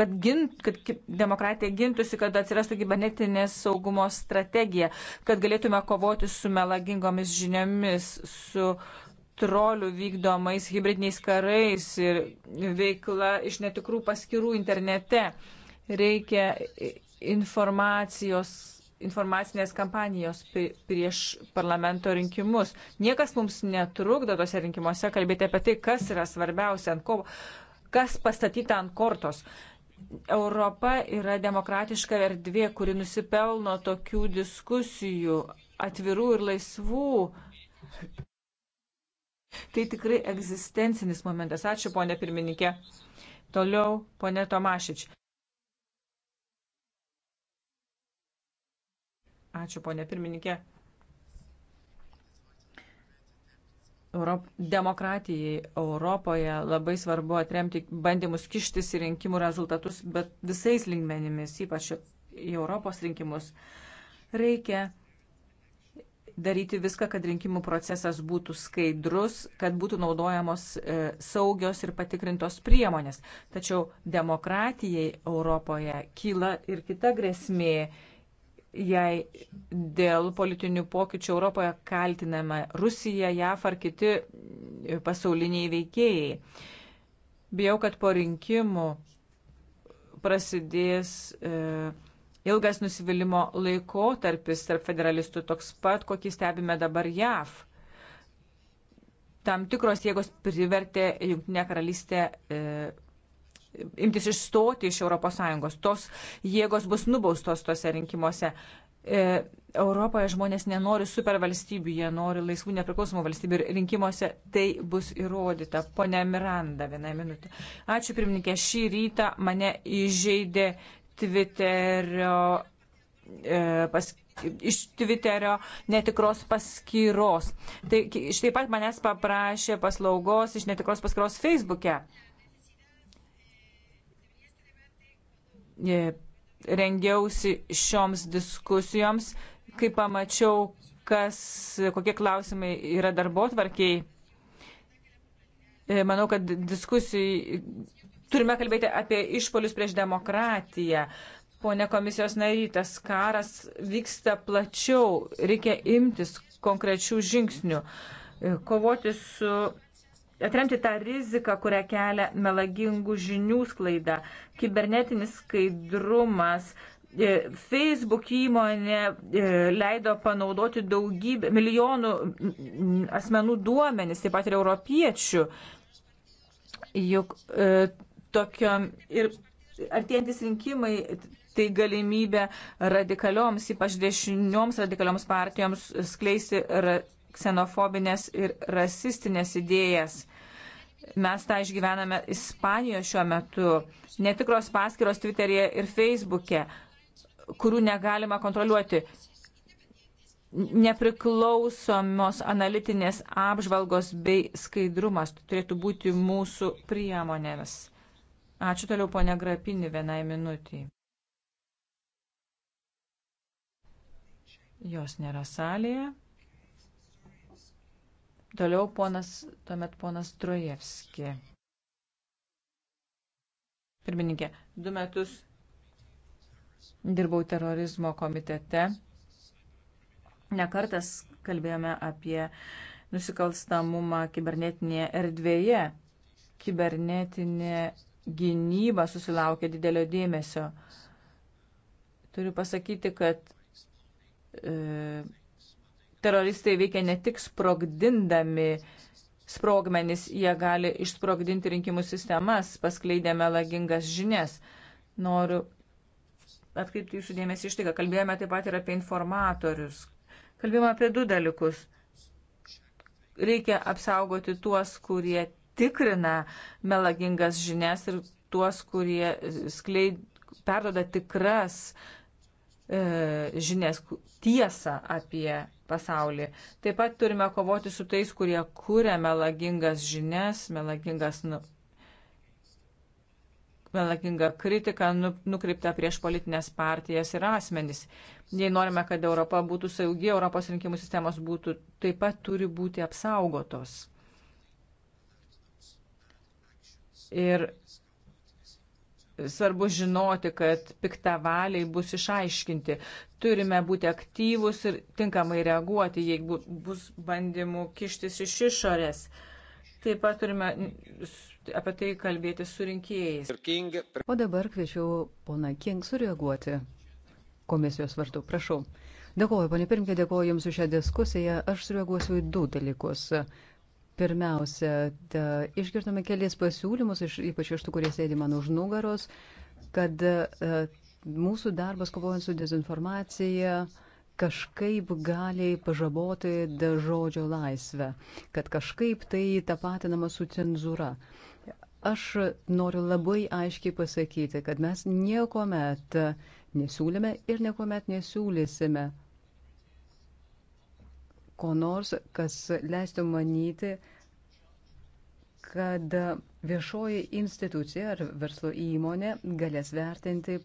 kad, gint, kad demokratija gintųsi, kad atsirastų kibernetinė saugumo strategija, kad galėtume kovoti su melagingomis žiniomis, su trolių vykdomais hybridiniais karais ir veikla iš netikrų paskirų internete. Reikia informacijos informacinės kampanijos prieš parlamento rinkimus. Niekas mums netrukdo tose rinkimuose kalbėti apie tai, kas yra svarbiausia, ant ko, kas pastatyta ant kortos. Europa yra demokratiška erdvė, kuri nusipelno tokių diskusijų, atvirų ir laisvų. Tai tikrai egzistencinis momentas. Ačiū, ponė pirmininkė. Toliau, ponė Tomašič. Ačiū, ponė pirmininkė. Europ, demokratijai Europoje labai svarbu atremti bandymus kištis į rinkimų rezultatus, bet visais lygmenimis, ypač į Europos rinkimus, reikia daryti viską, kad rinkimų procesas būtų skaidrus, kad būtų naudojamos e, saugios ir patikrintos priemonės. Tačiau demokratijai Europoje kyla ir kita grėsmė jei dėl politinių pokyčių Europoje kaltinama Rusija, JAF ar kiti pasauliniai veikėjai. Bijau, kad po rinkimų prasidės e, ilgas nusivylimų laikotarpis tarp federalistų toks pat, kokį stebime dabar JAF. Tam tikros jėgos privertė Junktinę karalystę e, imtis išstoti iš ES. Tos jėgos bus nubaustos tose rinkimuose. E, Europoje žmonės nenori supervalstybių, jie nori laisvų nepriklausomų valstybių ir rinkimuose tai bus įrodyta. Pone Miranda, vieną minutę. Ačiū, pirmininkė. Šį rytą mane įžeidė Twitterio, e, pas, iš Twitterio netikros paskyros. Tai štai pat manęs paprašė paslaugos iš netikros paskyros Facebook'e. E, rengiausi šioms diskusijoms, kai pamačiau, kas, kokie klausimai yra darbo tvarkiai. E, manau, kad diskusijai turime kalbėti apie išpolius prieš demokratiją. Pone komisijos nary, tas karas vyksta plačiau, reikia imtis konkrečių žingsnių, e, kovoti su atremti tą riziką, kurią kelia melagingų žinių sklaida, kibernetinis skaidrumas. E, Facebook įmonė e, leido panaudoti daugybę milijonų asmenų duomenys, taip pat ir europiečių. Juk e, tokio ir artėjantis rinkimai tai galimybė radikalioms, ypač dešinioms radikalioms partijoms skleisti ra, ksenofobinės ir rasistinės idėjas. Mes tą išgyvename Ispanijoje šiuo metu. Netikros paskiros Twitter'e ir Facebook'e, kurių negalima kontroliuoti. Nepriklausomos analitinės apžvalgos bei skaidrumas turėtų būti mūsų priemonėmis. Ačiū toliau, ponia Grapini, vienai minutiai. Jos nėra salėje. Toliau ponas, tuomet ponas Trojevski. Pirmininkė, du metus dirbau terorizmo komitete. Nekartas kalbėjome apie nusikalstamumą kibernetinėje erdvėje. Kibernetinė gynyba susilaukia didelio dėmesio. Turiu pasakyti, kad e, teroristai veikia ne tik sprogdindami sprogmenis, jie gali išsprogdinti rinkimų sistemas, paskleidę melagingas žinias. Noriu atkreipti jūsų dėmesį iš tai, kad kalbėjome taip pat ir apie informatorius. Kalbėjome apie du dalykus. Reikia apsaugoti tuos, kurie tikrina melagingas žinias ir tuos, kurie skleid, perdoda tikras e, žinias, tiesą apie pasaulį. Taip pat turime kovoti su tais, kurie kūrė melagingas žinias, melagingas, nu, melagingą kritiką nu, nukreiptą prieš politinės partijas ir asmenys. Jei norime, kad Europa būtų saugi, Europos rinkimų sistemos būtų, taip pat turi būti apsaugotos. Ir svarbu žinoti, kad piktavaliai bus išaiškinti. Turime būti aktyvus ir tinkamai reaguoti, jeigu bus bandymų kištis iš išorės. Taip pat turime apie tai kalbėti su rinkėjais. O dabar kviečiu pona King sureaguoti komisijos vardu. Prašau. Dėkuoju, ponė Pirmkė, dėkuoju Jums už šią diskusiją. Aš sureaguosiu į du dalykus. Pirmiausia, da, išgirdome kelias pasiūlymus, iš, ypač iš tų, kurie sėdi man už nugaros, kad da, e, mūsų darbas kovojant su dezinformacija kažkaip gali pažaboti da žodžio laisvę, kad kažkaip tai tapatinama su cenzūra. Aš noriu labai aiškiai pasakyti, kad mes nieko met nesiūlėme ir nieko met nesiūlysime ko nors, kas leistų manyti, kad viešoji institucija ar verslo įmonė galės vertinti,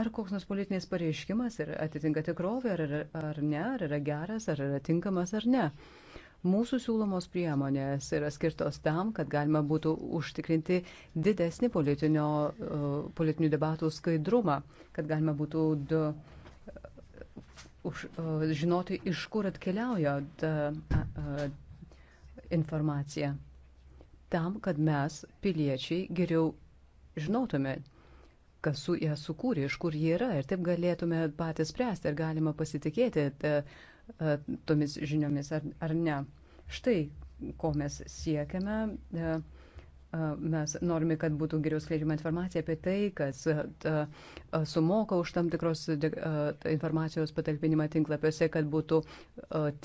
ar koks nors politinės pareiškimas yra atitinka tikrovę, ar, ar ne, ar yra geras, ar yra tinkamas, ar ne. Mūsų siūlomos priemonės yra skirtos tam, kad galima būtų užtikrinti didesnį politinio, e, politinių debatų skaidrumą, kad galima būtų du, uh, už, e, žinoti, iš kur atkeliauja ta informacija. Tam, kad mes, piliečiai, geriau žinotume, kas su ją sukūrė, iš kur ji yra ir taip galėtume patys spręsti, ar galima pasitikėti ta, e, e, tomis žiniomis ar, ar ne. Štai, ko mes siekiame mes norime, kad būtų geriau skleidžiama informacija apie tai, kas sumoka už tam tikros informacijos patalpinimą tinklapiuose, kad būtų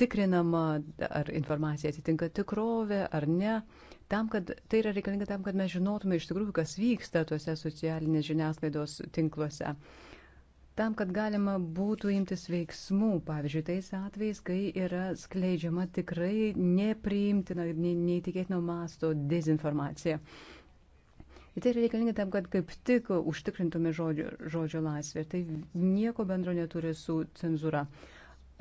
tikrinama, ar informacija atitinka tikrovę ar ne. Tam, kad, tai yra reikalinga tam, kad mes žinotume iš tikrųjų, kas vyksta tuose socialinės žiniasklaidos tinkluose. Uh, tam, kad galima būtų imtis veiksmų, pavyzdžiui, tais atvejais, kai yra skleidžiama tikrai nepriimtina ir neįtikėtino masto dezinformacija. Ir tai yra reikalinga tam, kad kaip tik užtikrintume žodžio, žodžio laisvę. Tai nieko bendro neturi su cenzūra.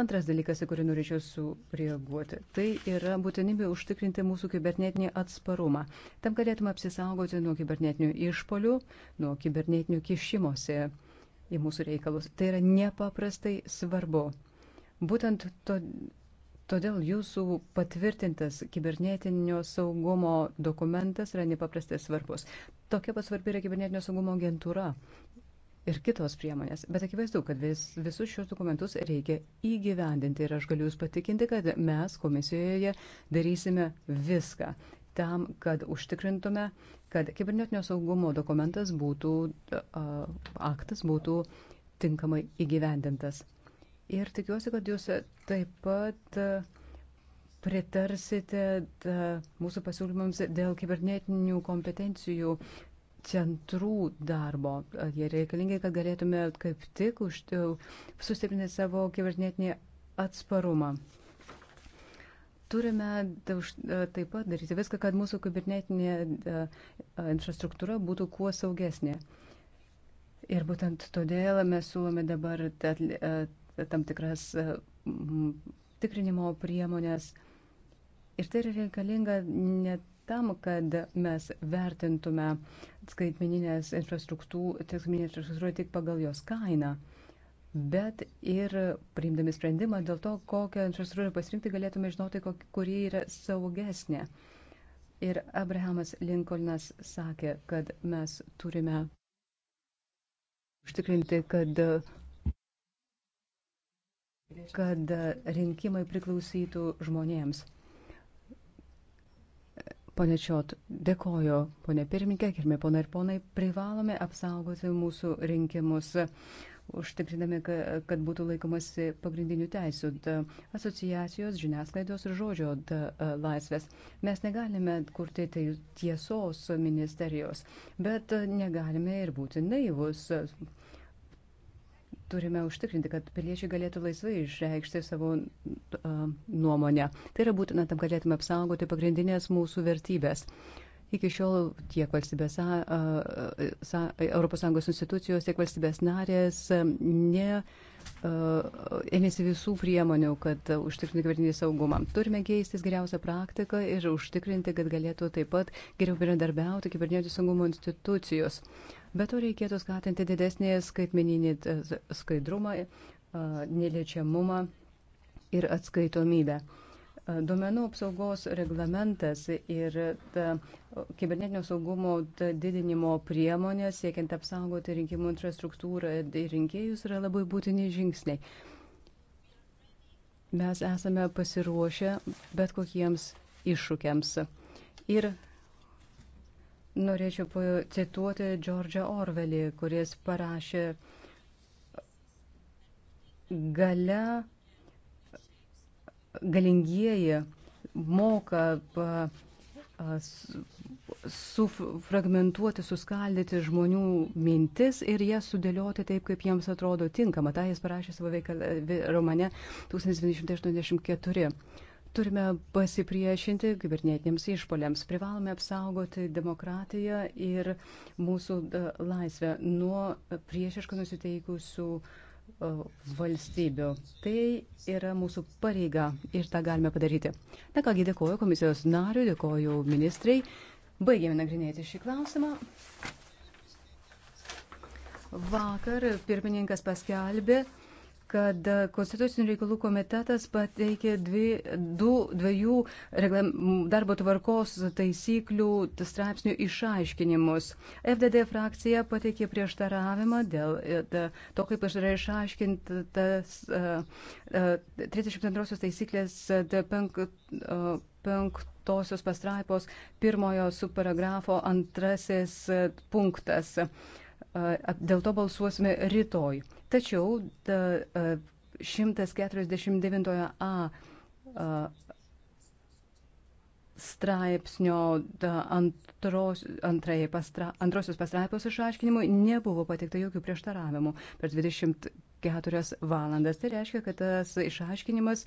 Antras dalykas, į kurį norėčiau sureaguoti, tai yra būtinybė užtikrinti mūsų kibernetinį atsparumą. Tam galėtume apsisaugoti nuo kibernetinių išpolių, nuo kibernetinių kišimosi į mūsų reikalus. Tai yra nepaprastai svarbu. Būtent to, todėl jūsų patvirtintas kibernetinio saugumo dokumentas yra nepaprastai svarbus. Tokia pat svarbi yra kibernetinio saugumo agentūra ir kitos priemonės. Bet akivaizdu, kad vis, visus šios dokumentus reikia įgyvendinti ir aš galiu Jūs patikinti, kad mes komisijoje darysime viską, tam, kad užtikrintume, kad kibernetinio saugumo dokumentas būtų, aktas būtų tinkamai įgyvendintas. Ir tikiuosi, kad jūs taip pat pritarsite mūsų pasiūlymams dėl kibernetinių kompetencijų centrų darbo. Jie reikalingi, kad galėtume kaip tik sustiprinti savo kibernetinį atsparumą. Turime taip pat daryti viską, kad mūsų kibernetinė infrastruktūra būtų kuo saugesnė. Ir būtent todėl mes siūlome dabar tam tikras tikrinimo priemonės. Ir tai yra reikalinga ne tam, kad mes vertintume skaitmeninės infrastruktūrą tik pagal jos kainą bet ir priimdami sprendimą dėl to, kokią infrastruktūrą pasirinkti, galėtume žinoti, kuri yra saugesnė. Ir Abrahamas Lincolnas sakė, kad mes turime užtikrinti, kad, kad rinkimai priklausytų žmonėms. Pone Čiot, dėkoju, ponė pirmininkė, kirmi ponai ir ponai, privalome apsaugoti mūsų rinkimus užtikrinami, kad būtų laikomasi pagrindinių teisų, asociacijos, žiniasklaidos ir žodžio laisvės. Mes negalime kurti tai tiesos ministerijos, bet negalime ir būti naivus. Turime užtikrinti, kad piliečiai galėtų laisvai išreikšti savo uh, nuomonę. Tai yra būtina tam galėtume apsaugoti pagrindinės mūsų vertybės. Uh, Iki šiol tiek valstybės, ES institucijos, tiek valstybės narės ne ėmėsi visų priemonių, kad užtikrinti kibernetinį saugumą. Turime keistis geriausią praktiką ir užtikrinti, kad galėtų taip pat geriau bendradarbiauti kibernetinio saugumo institucijos. Be to reikėtų skatinti didesnį skaitmeninį skaidrumą, neliečiamumą ir atskaitomybę. E, duomenų apsaugos reglamentas ir ta, kibernetinio saugumo ta, didinimo priemonė siekiant apsaugoti rinkimų infrastruktūrą ir rinkėjus yra labai būtini žingsniai. Mes esame pasiruošę bet kokiems iššūkiams. Ir norėčiau cituoti Džordžą Orvelį, kuris parašė, gale galingieji moka sufragmentuoti, suskaldyti žmonių mintis ir jas sudėlioti taip, kaip jiems atrodo tinkama. Ta jis parašė savo veikalą romane 1984. Turime pasipriešinti kibernetiniams išpoliams. Privalome apsaugoti demokratiją ir mūsų laisvę nuo priešiškai nusiteikusių uh, valstybių. Tai yra mūsų pareiga ir tą galime padaryti. Na kągi, dėkoju komisijos nariui, dėkoju ministrai. Baigėme nagrinėti šį klausimą. Vakar pirmininkas paskelbė kad Konstitucinių reikalų komitetas pateikė dvi, du, dviejų reglam, darbo tvarkos taisyklių straipsnių išaiškinimus. FDD frakcija pateikė prieštaravimą dėl e, to, kaip yra išaiškintas 32 e, e, taisyklės penktosios pastraipos pirmojo subparagrafo antrasis punktas. Dėl to balsuosime rytoj. Tačiau 149a straipsnio antros, antrai pastra, antrosios pastraipos išaiškinimui nebuvo patikta jokių prieštaravimų per 24 valandas. Tai reiškia, kad tas išaiškinimas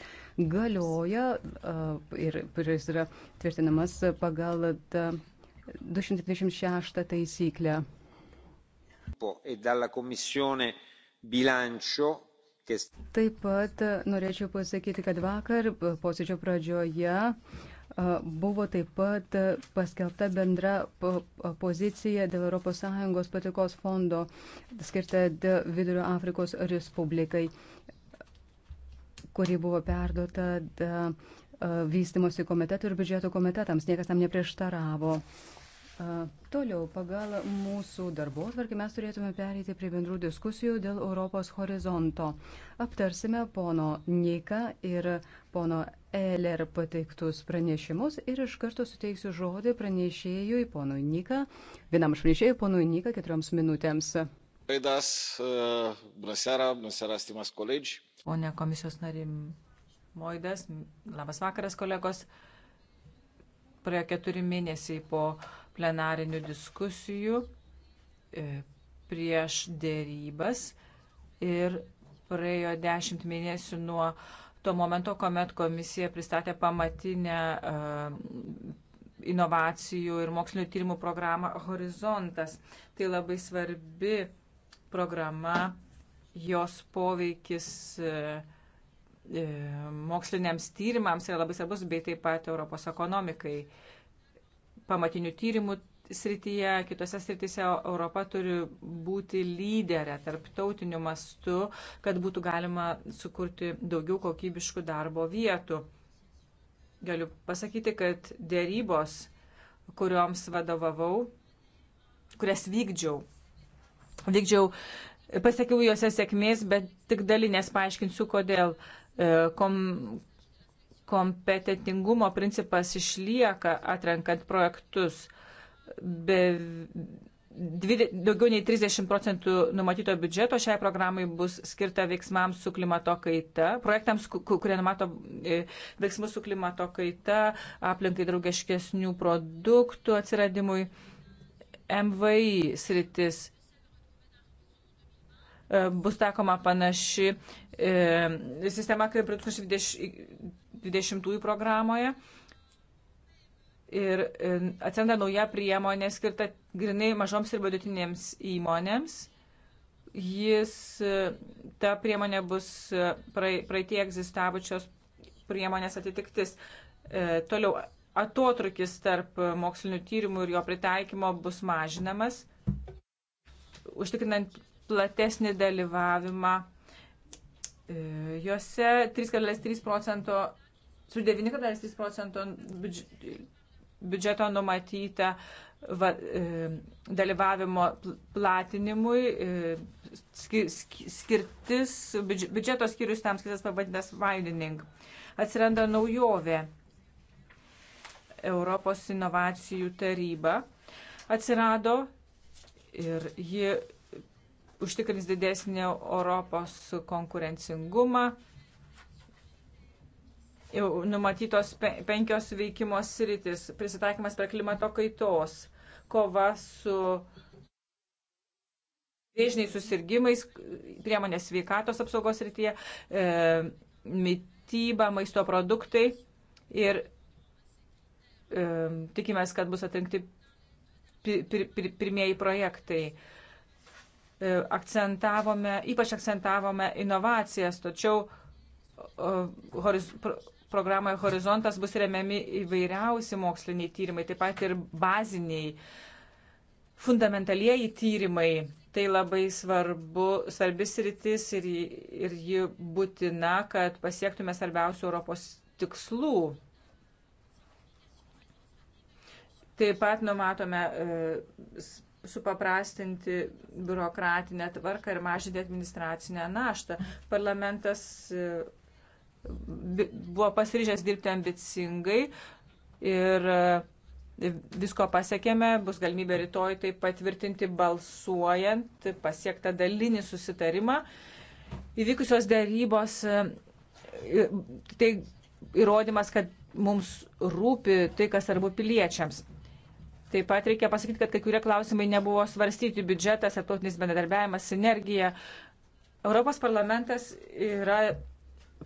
galioja uh, ir kuris yra tvirtinamas pagal 226 taisyklę gruppo e dalla Commissione bilancio. Taip pat norėčiau pasakyti, kad vakar posėdžio pradžioje buvo taip pat paskelbta bendra pozicija dėl ES patikos fondo skirta Vidurio Afrikos Respublikai, kuri buvo perduota vystimosi komitetų ir biudžeto komitetams. Niekas tam neprieštaravo. Toliau, pagal mūsų darbo tvarkį mes turėtume perėti prie bendrų diskusijų dėl Europos horizonto. Aptarsime pono Nika ir pono Eller pateiktus pranešimus ir iš karto suteiksiu žodį pranešėjui ponui Nika, vienam iš pranešėjų ponui Nika keturioms minutėms. Raidas, bună seara, bună seara, stimas colegi. Pone komisijos narim Moidas, labas vakaras kolegos. Praėjo keturi mėnesiai po uh, plenarinių diskusijų e, prieš dėrybas ir praėjo dešimt mėnesių nuo to momento, kuomet komisija pristatė pamatinę e, inovacijų ir mokslinio tyrimų programą Horizontas. Tai labai svarbi programa, jos poveikis e, moksliniams tyrimams yra labai svarbus, bei taip pat Europos ekonomikai pamatinių tyrimų srityje, kitose srityse Europa turi būti lyderė tarptautiniu mastu, kad būtų galima sukurti daugiau kokybiškų darbo vietų. Galiu pasakyti, kad dėrybos, kurioms vadovavau, kurias vykdžiau, vykdžiau, pasiekiau juose sėkmės, bet tik dalinės paaiškinsiu, kodėl. E, kom, kompetitingumo principas išlieka atrenkant projektus. Be, dvide, daugiau nei 30 procentų numatyto biudžeto šiai programai bus skirta veiksmams su klimato kaita, projektams, kurie numato e, veiksmus su klimato kaita, aplinkai draugiškesnių produktų atsiradimui. MVI sritis e, bus takoma panaši e, sistema kaip 2020 20 programoje. Ir e, atsiranda nauja priemonė skirta grinai mažoms ir vidutinėms įmonėms. Jis, e, ta priemonė bus e, praeitie egzistavusios priemonės atitiktis. Toliau, atotrukis tarp mokslinių tyrimų ir jo pritaikymo bus mažinamas, užtikrinant platesnį dalyvavimą. Juose 3,3 procento su 9,3 procento biudžeto numatyta va, e, dalyvavimo platinimui, e, skir, skirtis, biudžeto skyrius tam skirtas pavadintas Widening. Atsiranda naujovė Europos inovacijų taryba. Atsirado ir ji užtikrins didesnį Europos konkurencingumą jau numatytos pe penkios veikimo sritis - prisitaikymas prie klimato kaitos, kova su vėžiniais susirgymais, priemonės sveikatos apsaugos srityje, e, mytyba, maisto produktai ir e, tikimės, kad bus atrinkti pir, pir, pir, pirmieji projektai. E, akcentavome, ypač akcentavome inovacijas, tačiau Horiz, programoje Horizontas bus remiami įvairiausi moksliniai tyrimai, taip pat ir baziniai, fundamentalieji tyrimai. Tai labai svarbu, svarbis rytis ir, ir ji būtina, kad pasiektume svarbiausių Europos tikslų. Taip pat numatome e, supaprastinti biurokratinę tvarką ir mažinti administracinę naštą. Parlamentas e, buvo pasiryžęs dirbti ambicingai ir e, visko pasiekėme, bus galimybė rytoj tai patvirtinti balsuojant pasiektą dalinį susitarimą. Įvykusios dėrybos e, tai įrodymas, kad mums rūpi tai, kas svarbu piliečiams. Taip pat reikia pasakyti, kad kai kurie klausimai nebuvo svarstyti - biudžetas, tarptautinis bendradarbiavimas, sinergija. Europos parlamentas yra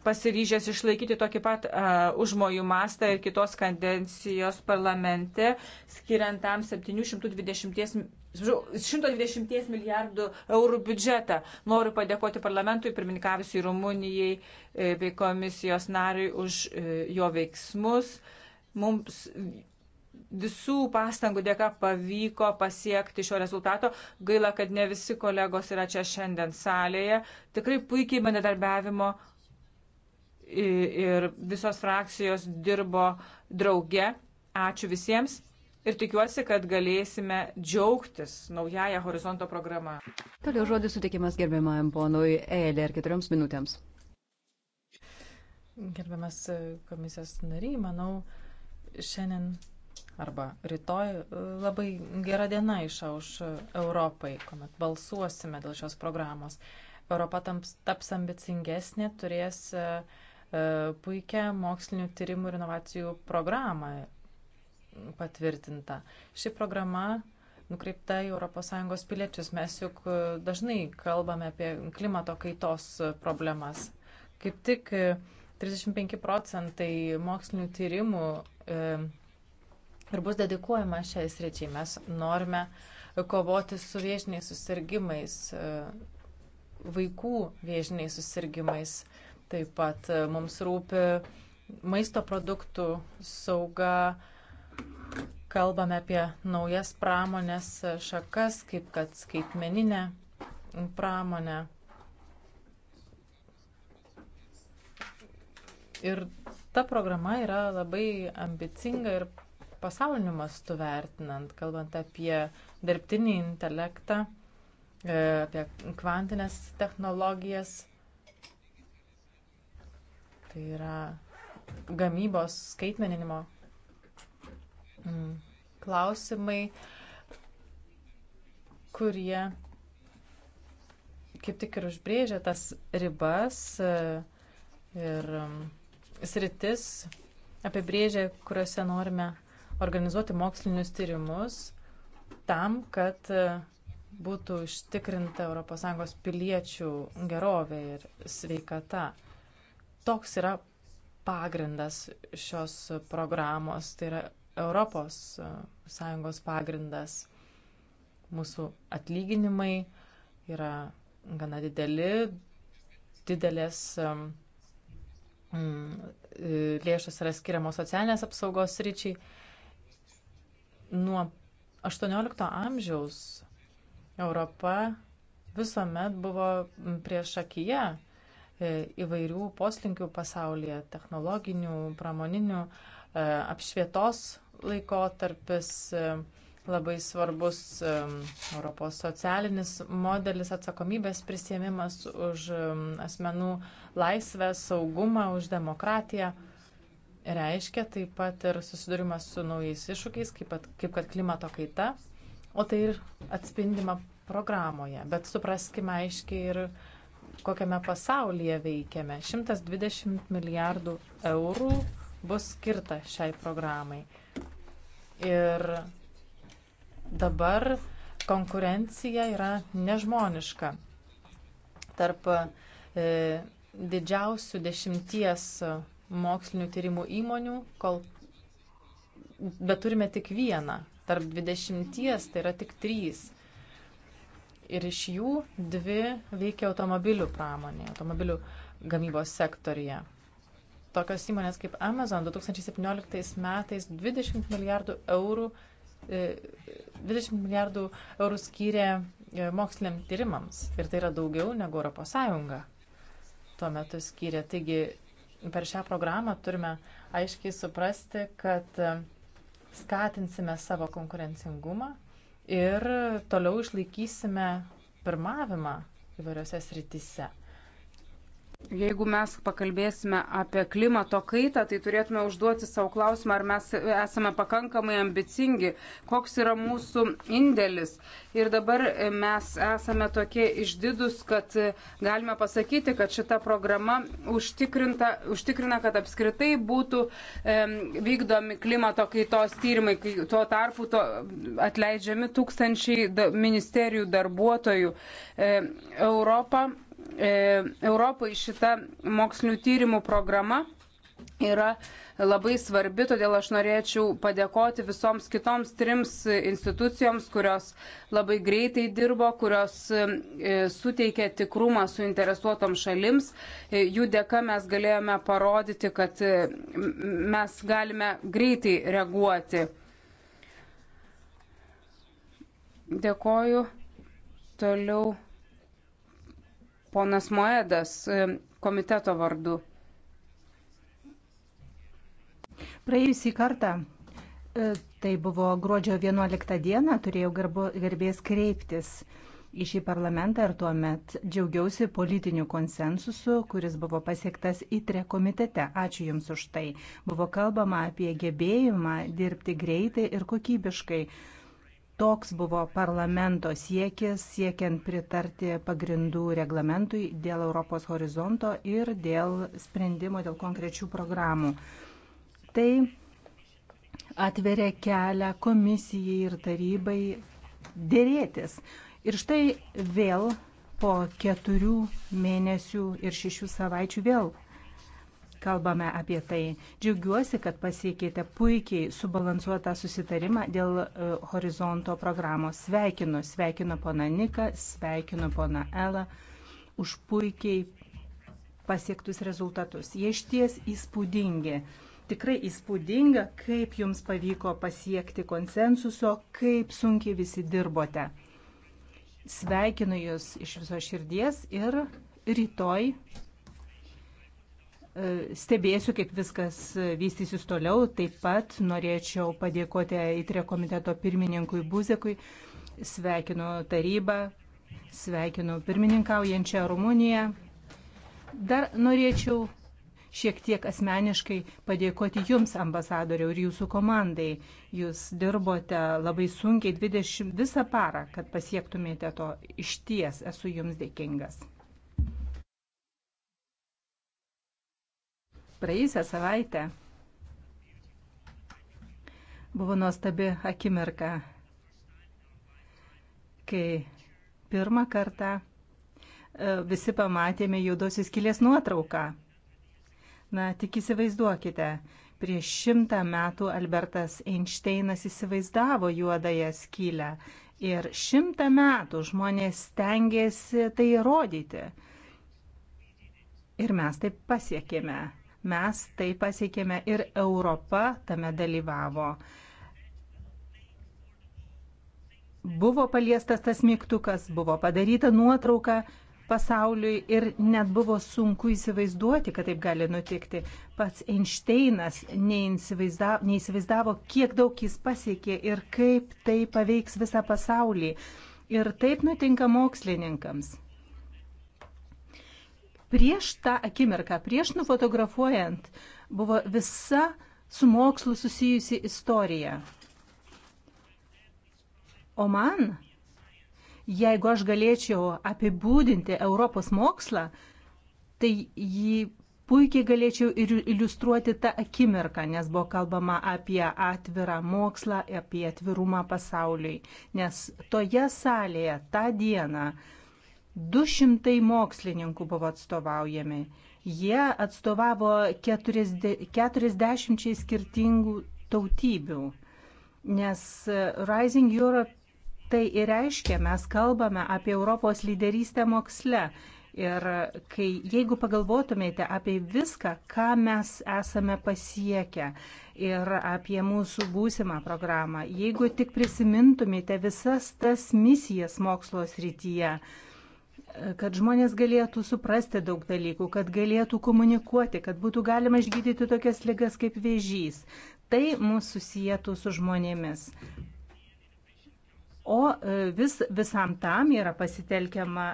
pasiryžęs išlaikyti tokį pat uh, užmojų mastą ir kitos kandencijos parlamente, skiriant tam 720, 120 milijardų eurų biudžetą. Noriu padėkoti parlamentui, pirmininkavusiai Rumunijai e, bei komisijos nariui už uh, jo veiksmus. Mums visų pastangų dėka pavyko pasiekti šio rezultato. Gaila, kad ne visi kolegos yra čia šiandien salėje. Tikrai puikiai bendradarbiavimo ir visos frakcijos dirbo drauge. Ačiū visiems ir tikiuosi, kad galėsime džiaugtis naująją horizonto programą. Toliau žodis sutikimas gerbiamajam ponui Eilė ir keturioms minutėms. Gerbiamas e, komisijos nariai, manau, šiandien arba rytoj e, labai gera diena išauš e, Europai, kuomet balsuosime dėl šios programos. Europa taps ambicingesnė, turės uh, E, puikią mokslinių tyrimų ir inovacijų programą patvirtinta. Ši programa nukreipta į ES piliečius. Mes juk e, dažnai kalbame apie klimato kaitos problemas. Kaip tik 35 e, procentai mokslinių tyrimų ir bus dedikuojama šiai sričiai. Mes norime kovoti su viešiniais susirgymais, vaikų viešiniais susirgymais. Taip pat e, mums rūpi maisto produktų sauga. Kalbame apie naujas pramonės šakas, kaip kad skaitmeninė pramonė. Ir ta programa yra labai ambicinga ir pasauliniu mastu vertinant, kalbant apie dirbtinį intelektą, e, apie kvantinės technologijas tai yra gamybos skaitmeninimo mm, klausimai, kurie kaip tik ir užbrėžia tas ribas e, ir mm, sritis, apibrėžia, kuriuose norime organizuoti mokslinius tyrimus tam, kad e, būtų ištikrinta ES piliečių gerovė ir sveikata. Toks yra pagrindas šios programos, tai yra Europos e, Sąjungos pagrindas. Mūsų atlyginimai yra gana dideli, didelės e, lėšos yra skiriamos socialinės apsaugos ryčiai. Nuo 18 amžiaus Europa visuomet buvo prieš akiją E, įvairių poslinkių pasaulyje - technologinių, pramoninių, e, apšvietos laikotarpis, e, labai svarbus Europos socialinis modelis, atsakomybės prisėmimas už asmenų laisvę, saugumą, už demokratiją. Reiškia taip pat ir susidūrimas su naujais iššūkiais, kaip, at, kaip kad klimato kaita, o tai ir atspindima programoje. Bet supraskime aiškiai ir uh, kokiame pasaulyje veikiame. 120 milijardų eurų bus skirta šiai programai. Ir dabar konkurencija yra nežmoniška. Tarp e, didžiausių dešimties mokslinių tyrimų įmonių, kol, bet turime tik vieną. Tarp dvidešimties tai yra tik trys ir iš jų dvi veikia automobilių pramonėje, automobilių gamybos sektorija. Tokios įmonės kaip Amazon 2017 metais 20 milijardų eurų, 20 e, milijardų eurų skyrė e, moksliniam tyrimams ir tai yra daugiau negu ES tuo metu skyrė. Taigi per šią programą turime aiškiai suprasti, kad e, skatinsime savo konkurencingumą ir toliau išlaikysime pirmavimą įvairiose srityse. Jeigu mes pakalbėsime apie klimato kaitą, tai turėtume užduoti savo klausimą, ar mes esame pakankamai ambicingi, koks yra mūsų indėlis. Ir dabar mes esame tokie išdidus, kad galime pasakyti, kad šita programa užtikrina, kad apskritai būtų e, vykdomi klimato kaitos tyrimai, kai tuo tarpu to atleidžiami tūkstančiai ministerijų darbuotojų. E, Europa E, Europai šita mokslinių tyrimų programa yra labai svarbi, todėl aš norėčiau padėkoti visoms kitoms trims institucijoms, kurios labai greitai dirbo, kurios e, suteikė tikrumą suinteresuotom šalims. E, jų dėka mes galėjome parodyti, kad mes galime greitai reaguoti. Dėkoju. Toliau ponas Moedas e, komiteto vardu. Praėjusį kartą, e, tai buvo gruodžio 11 dieną, turėjau garbo, garbės kreiptis į šį parlamentą ir tuo met džiaugiausi politiniu konsensusu, kuris buvo pasiektas įtre komitete. Ačiū Jums už tai. Buvo kalbama apie gebėjimą dirbti greitai ir kokybiškai Toks buvo parlamento siekis siekiant pritarti pagrindų reglamentui dėl Europos horizonto ir dėl sprendimo dėl konkrečių programų. Tai atveria kelią komisijai ir tarybai dėrėtis. Ir štai vėl po keturių mėnesių ir šešių savaičių vėl kalbame apie tai. Džiaugiuosi, kad pasiekėte puikiai subalansuotą susitarimą dėl e, horizonto programos. Sveikinu, sveikinu pona Niką, sveikinu pona Elą už puikiai pasiektus rezultatus. Jie išties įspūdingi. Tikrai įspūdinga, kaip jums pavyko pasiekti konsensuso, kaip sunkiai visi dirbote. Sveikinu Jūs iš viso širdies ir rytoj Stebėsiu, kaip viskas vystysis toliau. Taip pat norėčiau padėkoti įtrio komiteto pirmininkui Buzekui. Sveikinu tarybą, sveikinu pirmininkaujančią Rumuniją. Dar norėčiau šiek tiek asmeniškai padėkoti Jums, ambasadoriau, ir Jūsų komandai. Jūs dirbote labai sunkiai 20 visą parą, kad pasiektumėte to. Iš ties esu Jums dėkingas. praėjusią savaitę buvo nuostabi akimirka, kai pirmą kartą e, visi pamatėme juodosios kilės nuotrauką. Na, tik įsivaizduokite, prieš šimtą metų Albertas Einšteinas įsivaizdavo juodąją skylę ir šimtą metų žmonės stengiasi tai įrodyti. Ir mes taip pasiekėme. Mes tai pasiekėme ir Europa tame dalyvavo. Buvo paliestas tas mygtukas, buvo padaryta nuotrauka pasauliui ir net buvo sunku įsivaizduoti, kad taip gali nutikti. Pats Einšteinas neįsivaizdavo, neįsivaizdavo kiek daug jis pasiekė ir kaip tai paveiks visą pasaulį. Ir taip nutinka mokslininkams prieš tą akimirką, prieš nufotografuojant, buvo visa su mokslu susijusi istorija. O man, jeigu aš galėčiau apibūdinti Europos mokslą, tai jį puikiai galėčiau ir iliustruoti tą akimirką, nes buvo kalbama apie atvirą mokslą, apie atvirumą pasauliui. Nes toje salėje tą dieną 200 mokslininkų buvo atstovaujami. Jie atstovavo 40 skirtingų tautybių, nes e, Rising Europe tai ir reiškia, mes kalbame apie Europos lyderystę moksle. Ir e, kai, jeigu pagalvotumėte apie viską, ką mes esame pasiekę ir apie mūsų būsimą programą, jeigu tik prisimintumėte visas tas misijas mokslo srityje, kad žmonės galėtų suprasti daug dalykų, kad galėtų komunikuoti, kad būtų galima išgydyti tokias ligas kaip vėžys. Tai mūsų susijėtų su žmonėmis. O e, vis, visam tam yra pasitelkiama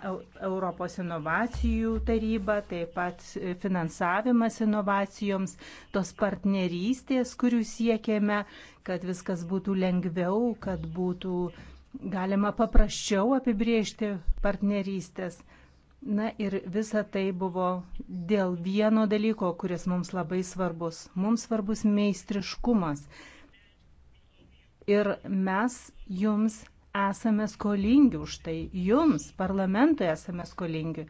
Europos inovacijų taryba, taip pat e, finansavimas inovacijoms, tos partnerystės, kurių siekėme, kad viskas būtų lengviau, kad būtų uh, galima paprasčiau apibriežti partnerystės. Na ir visa tai buvo dėl vieno dalyko, kuris mums labai svarbus. Mums svarbus meistriškumas. Ir mes jums esame skolingi už tai, jums, parlamentui esame skolingi,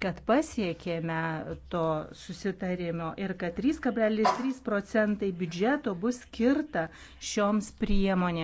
kad pasiekėme to susitarimo ir kad 3,3 procentai biudžeto bus skirta šioms priemonėms.